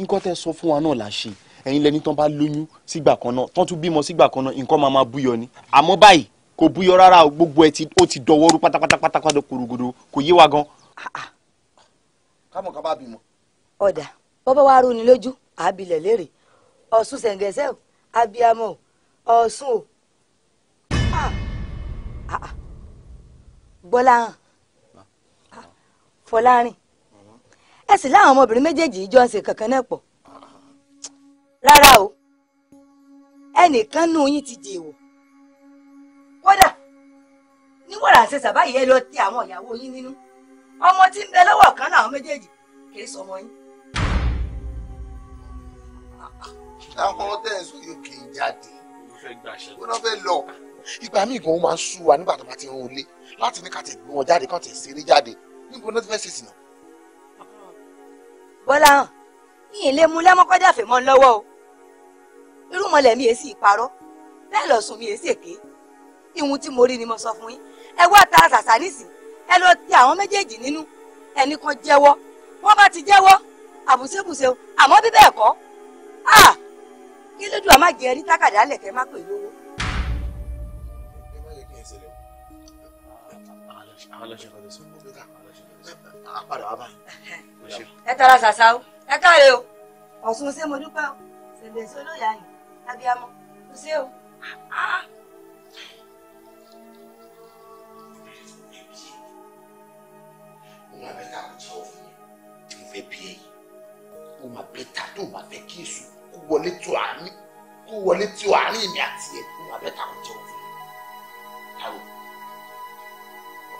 nǹkan tẹ́ sọ fún wa náà la ṣe ẹ̀yin lẹni tán bá lóyún sígbà kan náà tán tún bímọ sígbà kan náà nǹkan máa máa búyọ ni àmọ́ báyìí kò búyọ rárá o gbogbo ẹ ó ti dọwọ́rú pátápátá pátápátá kòrògòdò kò yé wa gan. kámọ̀ ká bá bímọ. ọ̀dà bọ́bá wa rú ni lójú àbílẹ̀ léèrè ọ̀sùn sẹ̀ǹgẹ̀sẹ̀ o abiyamọ ọ̀sùn o gbọ́láhàn ah, ah. ah, fọlárìn ẹ sì láwọn ọmọbìnrin méjèèjì jọ ṣe kankan náà pọ̀ rárá o ẹnìkan nù yín ti di kódà níwọ̀nà ẹ lọ tẹ àwọn ìyàwó yín nínú ọmọ tí ń bẹ lọ́wọ́ kan láwọn méjèèjì kì ìgbà míì gan o máa ń sú wa nígbà tó bá ti rún un lé láti ní ká ti gbé wọn jáde kán ti ṣeré jáde níbo náà ti fẹ́ ṣe sìnà. bọ́lá hàn yìnyín lè mú lẹ́mọ́kọ́jà fèmọ́ lọ́wọ́ o irúmọlẹ̀ mi èsì ìparọ́ bẹ́ẹ̀ lọ́sùn mi èsì èké ìhun tí mo rí ni mo sọ fún yín ẹ wá ta sàṣà nísìn ẹ lọ ti àwọn méjèèjì nínú ẹnì kan jẹ́wọ́ wọ́n bá ti jẹ́wọ́ àbùsẹ̀bùsẹ̀ àmọ́ bí bẹ́ẹ̀ kọ́ ah! kí lójú àmàjẹ́ rí tákàdá lẹ̀kẹ́ má pè lówó. ẹ tara ṣàṣà o ẹ káre o ọ̀sùn ṣé mo dúpẹ́ o ṣèlè sí olóyà yìí abiyamọ kò sí o. ó máa bẹ́tà kó sọ fún mi mo fẹ́ bí èyí ó máa bẹ́tà tó máa fẹ́ kí èso kó wọlé tó àárín kó wọlé tó àárín mi àti ẹ̀ ó máa bẹ́tà kó sọ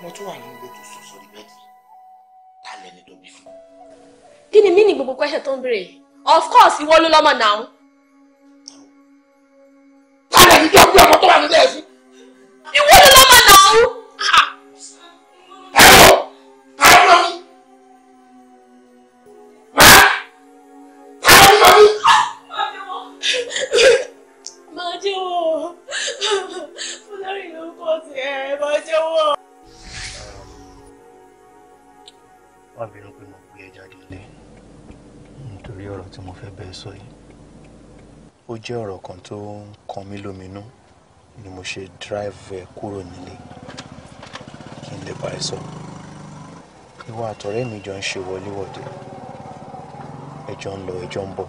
ọmọ tó wà nínú ilé tó sùn sórí bẹ́ẹ̀dì ta lẹni tó bí fún. kí ni mí ní gbogbo question tó ń béèrè of course ìwọ ló lọ́mọ náà. ta lẹni tó bí ọmọ tó wà nílé ẹ ìwọ bínú pé mo gbé ẹ e jáde lé nítorí ọ̀rọ̀ tí mo fẹ́ bẹ́ẹ̀ sọ yìí ó jẹ́ ọ̀rọ̀ kan tó ń kan mí lóminú ni mo ṣe dráìvù ẹ kúrò nílé kí n lè bá ẹ sọ ìwà àtọ̀rẹ́ mi jọ ń ṣe wọléwọ̀de ẹjọ́ ń lọ ẹjọ́ ń bọ̀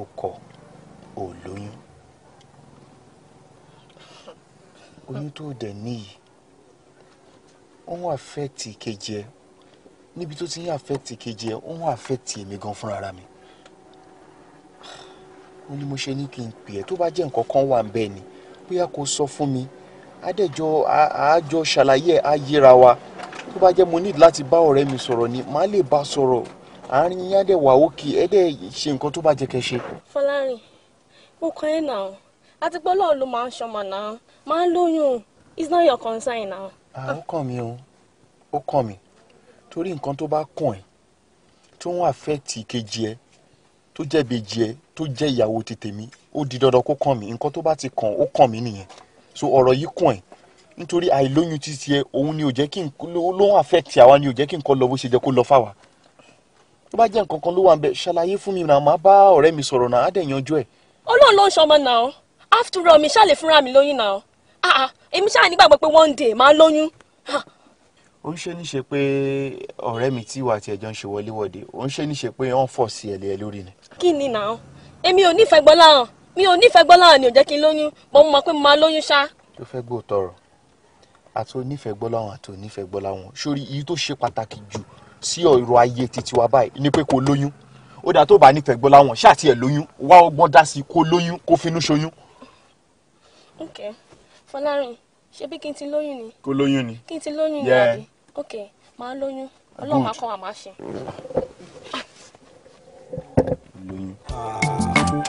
ó kọ ò oyún tó dẹ̀ níyì ń affect ìkejì ẹ níbi tó ti ń affect ìkejì ẹ ó ń affect èmi gan fúnra ara mi ó ní mo ṣe ní kí n pè ẹ́ tó bá jẹ́ nǹkan kan wà bẹ́ẹ̀ ni bóyá kó sọ fún mi adẹjọ àájọ ṣàlàyé ẹ á yẹra wa tó bá jẹ́ mo need láti bá ọ̀rẹ́ mi sọ̀rọ̀ ni màá lè bá sọ̀rọ̀ àárín yín á wà òkè ẹ dẹ̀ ṣe nǹkan tó bá jẹ́ kẹ́ ṣe. fọlárin mo kàn ẹ́ náà àti pé ọlọ́run ló máa ń ṣọmọ náà máa ń lóyún it's not your concern now. àwọn kàn mí o ó kàn mí torí nǹkan tó bá kàn ẹ́ tí wọ́n àfẹ́ẹ̀tì kejì ẹ tó jẹ́ ìbejì ẹ tó jẹ́ ìyàwó ti tèmi ó di dandan kó kàn mí nǹkan tó bá ti kàn ó kàn mí nìyẹn so ọ̀rọ̀ yìí kàn ẹ́ nítorí àìlóyún ti tiẹ̀ òun ni ò jẹ́ kí n ló ń àfẹ́ẹ̀tì àwa ni ò jẹ́ kí n kọ́ lọ bó ṣe jẹ́ kó lọ fáwa tó bá jẹ́ nǹkan kan ló wà ń bẹ ṣàlàyé fún mi náà màá bá ọ̀rẹ́ mi sọ̀rọ̀ náà á dẹ̀ yanjú ẹ̀. ọlọ́run ló ń ṣọmọ náà after all mi ṣáà lè fúnra mi lóyún náà ah, ah, èmi ṣáà nígbàgbọ́ pé one day màá lóyún ah, ó ń ṣe ní ṣe pé ọ̀rẹ́ mi tí ìwà àti ẹ̀jọ́ ń ṣe wọléwọ̀de ó ń ṣe ní ṣe pé wọ́n fọ̀ sí ẹ̀lẹ́ lórí ni. kí ni nà án èmi ò nífẹ̀ẹ́ gbọ́ láhàn mi ò nífẹ̀ẹ́ gbọ́ láhàn ni ò jẹ́ kí n lóyún mo mọ̀ pé mo máa lóyún ṣá. ló fẹ́ gbọ́ tọrọ àti onífẹ̀ẹ́ gbọ́ láwọn àti onífẹ̀ẹ́ gbọ́ láwọn sórí èyí tó ṣe pàtàkì jù sí ọ̀rọ̀ ayé titi wa báyìí ni pé kó lóyún ó ok fọlárin ṣebí kí n ti lóyún ni. kó lóyún ni. kí n ti lóyún ni àbí ok màá lóyún ọlọ́run máa wa máa ṣe.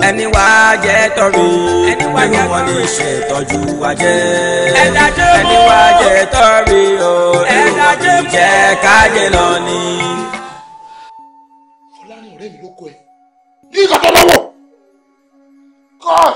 ẹni wá jẹ́ tọ́jú ẹni wọn lè ṣe tọ́jú wa jẹ́ ẹni wá jẹ́ tọ́rí o ẹni wá jẹ́ kájẹ lọ ni. fọlárin ọ̀rẹ́ mi ló kọ ẹ ní ìkàtọ́ lọ́wọ́ god.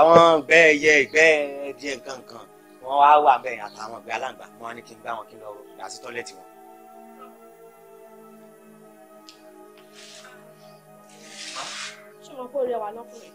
àwọn gbẹ ẹyẹ ìgbẹ ẹdíẹ kankan wọn wá wà bẹ́ẹ̀ àtàwọn ọgbẹ aláǹgbá wọn ní kí n gbá wọn kí n lọ dà sí tọ́lẹ́tì wọn. ṣé mo kó rẹwà lọkùnrin.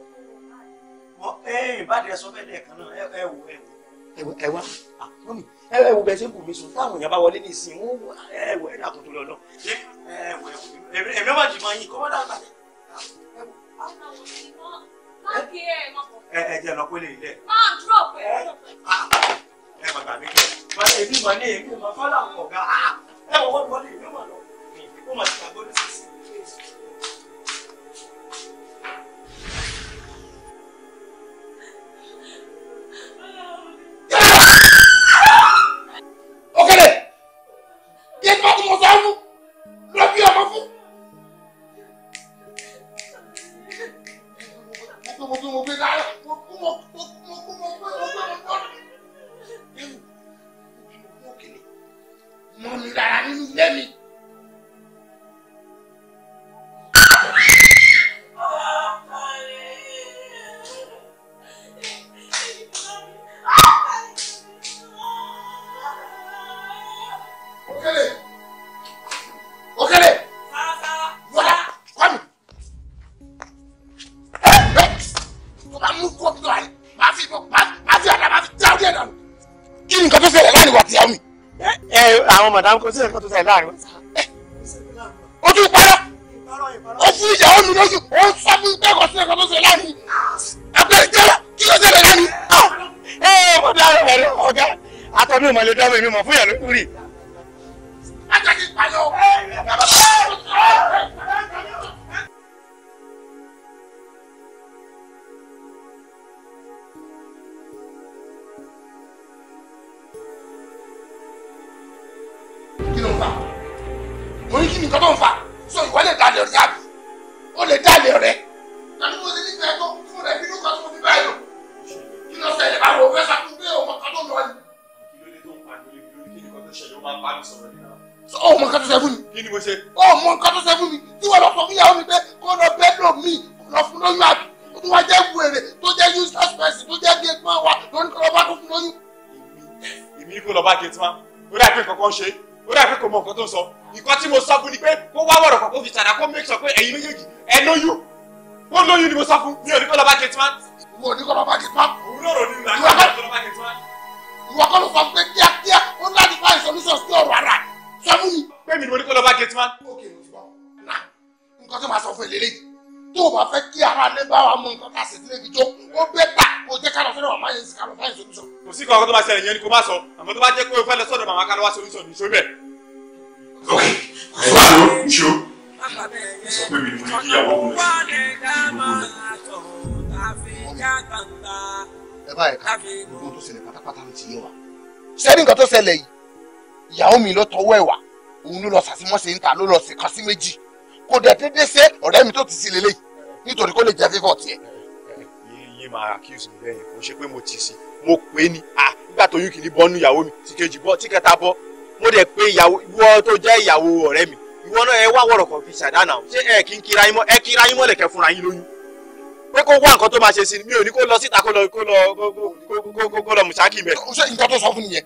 Eh, ìbádìí ẹsọ bẹ́ẹ̀ lẹ́ẹ̀kan náà ẹ wò ẹ wò ẹ wá ah, mọ́mí ẹ wò bẹ́ẹ̀ ṣe ń bù mí sùn táwọn èèyàn bá wọlé ní ìsìn wọn ẹ wò ẹ dàkún tó lọ́dọ̀ ẹ wò ẹ wò ẹ mẹ́wàá jì máa yín kọ́ wọ́n dàgbà ah, ẹ wò. ẹ jẹ́ lọ pélé ilé. máa dúró pẹ̀lú. ẹ bàbá mi kẹ́ ẹ èmi ah, mà ní èmi mà fọ́lá ọ̀gá ẹ wọ́n wọlé ìlú mà lọ mi ìdíkùn mà ti àgbọ̀dọ̀ sí Okele. Okele. Wọ́lá wọ́n mi. Tó bá mú kó tó àyè, máa fi máa fi àdá máa fi dá orí ẹ̀ dànù. Kí ni nǹkan tó ṣẹlẹ̀ láàrin wa ti yá mi? Ẹ àwọn màdàm kò sí nǹkan tó ṣẹlẹ̀ láàrin wa. Eh. O tún parọ́. O fún ìjà ó nu lójú. O ń sọ fún ìgbẹ́kọ̀ sí nǹkan tó ṣẹlẹ̀ láàrin. Abẹ́rẹ́ jẹ́lá kí ló ṣẹlẹ̀ láàrin? Ẹ ẹ mo dára rẹ̀ ọ̀gá. Atọ́ mi ò mọ̀ lè dá mi mọ̀ fún ìyàlókù rí. tó bá ṣẹlẹ̀ yẹn ni kó má sọ àmọ́ tó bá jẹ́ pé o fẹ́ lọ sọ́dọ̀ màmá ká lọ wá sọ̀rọ̀ ìṣó bẹ́ẹ̀. ok ìwà ló ń ṣó sọ pé mi ni mo ní kíyàwó mi lọ sí ẹ bá ẹ̀ka gbogbo tó ṣẹlẹ̀ pátápátá ti yé wa sẹ́ni nǹkan tó ṣẹlẹ̀ yìí ìyàwó mi ló tọwọ́ ẹ̀ òun ló lọ sàṣìmọ́sẹ̀ ń ta ló lọ sí kan sí méjì kò dẹ̀ dédé ṣe ọ̀rẹ́ mi tó ti sí lélẹ́yìí nítorí kó lè jẹ́ fífọ̀ tiẹ̀ yín máa accuse mi bẹ́ẹ̀ yẹn kò ṣe pé mo ti sí mo pè é ni nígbà tó yún kìíní bọ́nú ìyàwó mi tí kejì bọ́ tí kẹta bọ́ mo dẹ̀ pé ìyàwó ìwọ tó jẹ́ ìyàwó ọ̀rẹ́ mi ìwọ náà ẹ wá wọ̀rọ̀ kan fi ṣàdánà ṣé ẹ kí n kíra yín mọ́ ẹ kíra yín mọ́lẹ̀ kẹ́ fúnra yín lóyún pé kó wá nǹkan tó máa ṣe sí mi ò ní kó lọ síta kó lọ kó lọ kó lọ mùsákì mẹ́. ṣé nǹkan tó sọ fún nìyẹn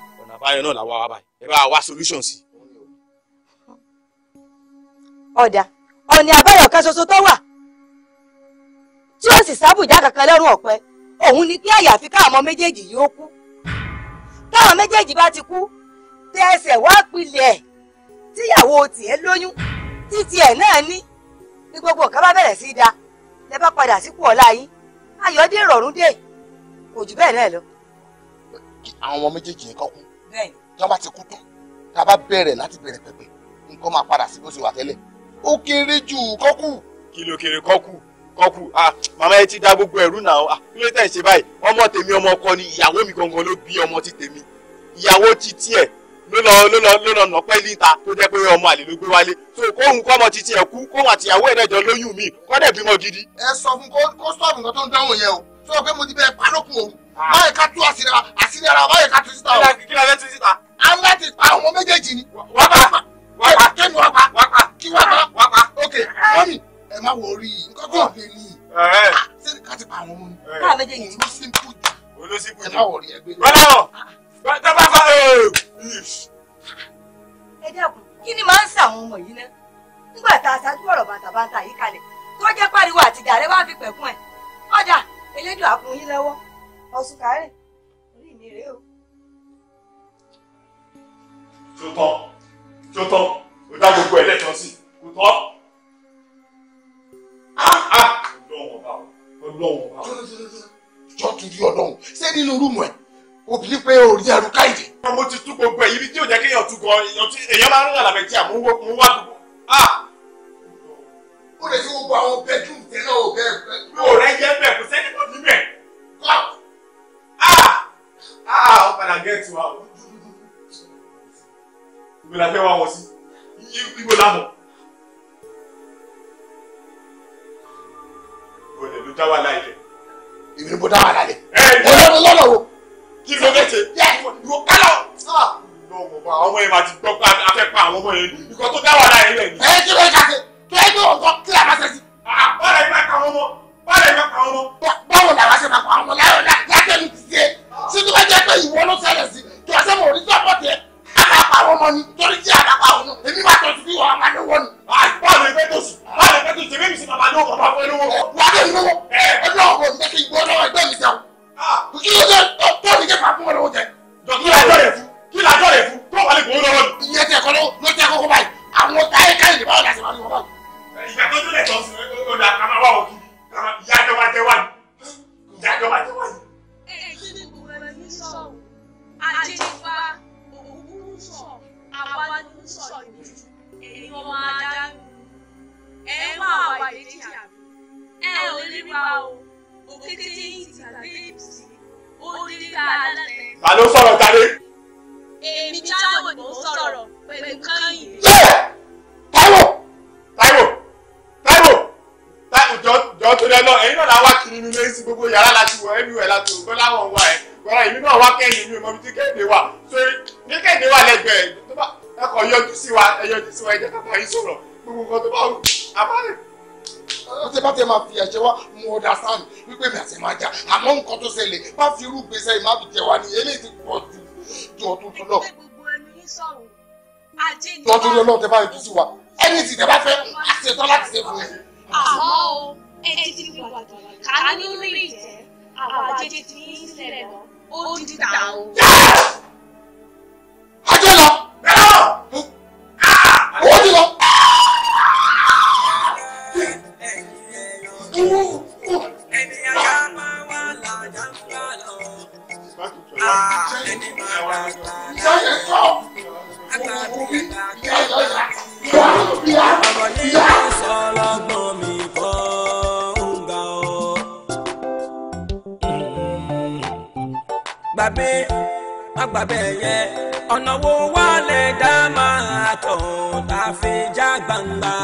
bàbá náà làwọn àbáyé ẹ bá solution sí. ọ̀dà ọ̀nì àbáyọ̀ kan ṣoṣo tó wà tí ó sì sábùjá kankan lọ́rùn ọ̀pẹ òun ni kí àyàfi káàmọ́ méjèèjì yìí kú táwọn méjèèjì bá ti kú tẹ ẹsẹ̀ wá pilẹ̀ tíyàwó tiẹ̀ lóyún títí ẹ̀ náà ní ní gbogbo nǹkan bá bẹ̀rẹ̀ sí da bá padà ọ̀la yín ayọ̀dé ìrọ̀rùn dé kò jù bẹ́ẹ̀ náà lọ. tí wọ́n bá ti kú tán tá a bá bẹ̀rẹ̀ láti bẹ̀rẹ̀ pẹ̀pẹ̀ nǹkan máa padà sí bó ṣe wà tẹ́lẹ̀ ó kéré jù kọ́kù. kí ló kéré kọ́kù kọ́kù ah, màmá ẹ ti dá gbogbo ẹ̀rú náà ah, kí ló tẹ̀ ṣe báyìí ọmọ tèmi ọmọ ọkọ ni ìyàwó mi gangan ló bí ọmọ ti tèmi ìyàwó ti tiẹ̀ ló lọ ló lọ ló lọ nà pẹ́ líta tó jẹ́ pé ọmọ àlè ló gbé wálé tó kóhun kọ́mọ titi ẹ̀ kú kóhun àtìyàwó ẹ̀ náà jọ lóyún mi kọ́dẹ̀ bímọ gidi. ẹ sọ fún kó sọ̀rọ̀ nǹkan tó ń dáhùn yẹn o tó yẹ pé mo ti bẹ̀rẹ̀ pálókun o báyìí ká tú àṣírí ara àṣírí ara báyìí ká tú síta o. kí la fẹ́ tú síta. a ń láti pa àwọn méjèèjì ni. wà á pa wà á pa kémi wà á pa wà á pa kí wà á pa wà á pa. ok mọ́mì ẹ má wọ orí yìí nǹkan kan lè ní. ṣé ká ti pa àwọn ọmọ ni. káà méjèèjì ti simple jù. olóṣìkú jù ẹ má wọ orí ẹgbẹ́. bọ́lá tó bá fa ẹ dákun kí ni máa ń ṣàwọn ọmọ yìí ná nígbà tá a ṣáájú ọ̀rọ̀ bàtàbàtà yìí kalẹ̀ elédùn àkùn yín lọ́wọ́ ọ̀sùn kárẹ̀ orí mi rèé o. tó tán tó tán ó dá gbogbo ẹ̀ lẹ́tọ̀ọ́ sí kò tán. ọlọ́wọ̀n bá wọ ọlọ́wọ̀n bá wọ. jọ́ torí ọlọ́run ṣé nínú rúùmù ẹ̀ obìnrin pé orí ẹrù káyìdé. mo ti tú gbogbo èyí tí ò jẹ́ kéèyàn tú gan èèyàn tí èèyàn máa ń rìn àlàbẹ̀ tí àmú wá dùgbò. ó lè fi gbogbo àwọn bẹ́ẹ̀dùn tẹ́lẹ̀ ò bẹ́ẹ̀ bẹ́ẹ̀. mi ò rẹ́ jẹ́ bẹ́ẹ̀ kó padà gẹ́ẹ̀tì wa ìgbò la fẹ́ wá wọ̀ sí ìgbò la mọ̀. ìbòdè ló dá wà láìlẹ̀. ìbòdè ló dá wà láìlẹ̀. olórí lọ́nà wo. kí ló dé tè. ìwọ kálọ̀. lọ́wọ́ àwọn ọmọ yẹn máa ti gbọ́ pé a fẹ́ pa àwọn ọmọ yẹn ní ìkọ́ tó dá wà láìlẹ̀ ni. ẹ kí ló ń kàṣe kí ẹ gbé ọ̀gọ́ kí a máa ṣe sí. báwo làwọn ṣe máa pa àwọn ọmọ. báwo làwọn ṣe máa pa àwọn ọmọ láyọ̀ láyọ̀ láyọ̀ sí tó bá jẹ́ pé ìwọ ló ṣẹlẹ̀ sí kí ẹsẹ̀ mọ̀ orí sọ́pọ̀ tiẹ̀ àpapọ̀ àwọn ọmọ ni torí tí àpapọ̀ àwọn ọmọ èmi máa tọ́jú bí wọ́n máa lówó ni. báwo ni pẹ́tò sùn báwo ni pẹ́tò sùn èmi sì bàbá lówó bàbá fún lówó. wà á dé mi lówó ọjọ́ ọ̀pọ̀ mi kẹ́kẹ́ ìgbọ́ lọ́wọ́ ẹgbẹ́ mi jẹun. kí ló dé tó ní kẹfà fún wọn lówó jẹ. kí lájọ rẹ fún kí lájọ rẹ fún tó wà lè gbòó lọ́wọ́. ìyẹn tẹ kọ́ ló tẹ kókó báyìí àwọn táyé káyìn lè báwọn láti máa lọ báyìí. ìgbà tó tún lẹ̀ ń sọ̀rọ̀ ajínifá òkú ń sọ̀rọ̀ àwa ń sọ̀rọ̀ ìlú èyí wọn máa dá ẹ ń wá àwa ẹ ò lè wá o òkété yìí ti gbàgbé ó dé ká lálẹ́. ta ló sọ̀rọ̀ tani. èmi jáwọ̀ ló sọ̀rọ̀ pẹ̀lú kányìn. jọ tó dẹ lọ ẹ̀yin náà la wá kiri nínú èsì gbogbo yàrá láti wọ ẹbí wẹ láti ògbó láwọn wà ẹ gbọ́dọ̀ èmi náà wá kẹ́yìn mi mọ ibi tí kéde wà sórí ní kéde wà lẹ́gbẹ̀ẹ́ tó bá ẹ kọ yọjú sí wa ẹ yọjú sí wa ẹ jẹ́ kápá yín sọ̀rọ̀ gbogbo nǹkan tó bá wù abáyé. ọtí bá tẹ máa fi ẹ̀ṣẹ̀ wá mo ọdà sáàmì wípé mi àti máa jà àmọ́ nǹkan tó ṣẹlẹ̀ bá fi irú gbèsè ìmá fi jẹ wá ní eléyìí ti pọ̀ ju ju ọdún tó lọ. ọdún tó lọ tẹ bá yọjú sí wa ẹni tí tẹ bá fẹ́ àṣetán láti ṣe fún mi. àmọ́ o ẹ ti ti fi wà ká nínú ìtẹ́ ní sílẹ̀ lọ ó di ta o. àjọ lọ. owó lọ. gbàgbẹ́ yẹn ọ̀nà wo wà lẹ̀ dá máa tọ̀ tá a fi já gbangba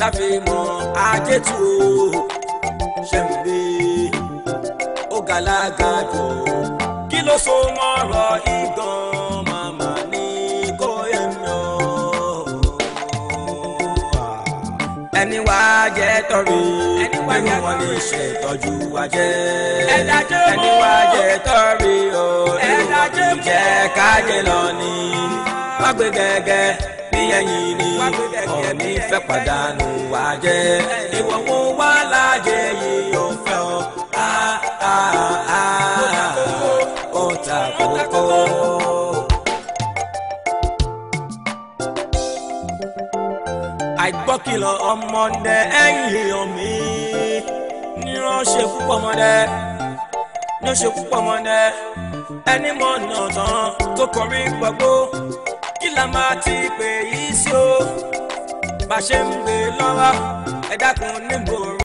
tá a fi mọ ajé tu ṣẹ̀m̀bé ó gàlágà jù kí ló so mọ́rọ̀ igan ẹni wàá jẹ́ tọ́rọ̀ nínú wọn ní ìṣètọ́jú ajẹ́ ẹni wá jẹ tọ́rí o nínú wọn ní jẹ kájẹ lọ ni wá gbé gẹ́gẹ́ bí ẹ̀yìn ni ọ̀ọ́ni fẹ́ pàdánù wá jẹ́ ìwọ wo wá lájẹ yìí ò fẹ́ o ó ta kókó. àìgbọ́kìlọ̀ ọmọdé ẹ̀yìn omi ó ṣe púpọ̀ mọ́dẹ́ ní ó ṣe púpọ̀ mọ́dẹ́ ẹni mọ̀ náà tán tó kọrí gbọ́gbó kí la máa ti pè yí sí o bá ṣe ń gbé lọ́wọ́ ẹ dákun nígboro.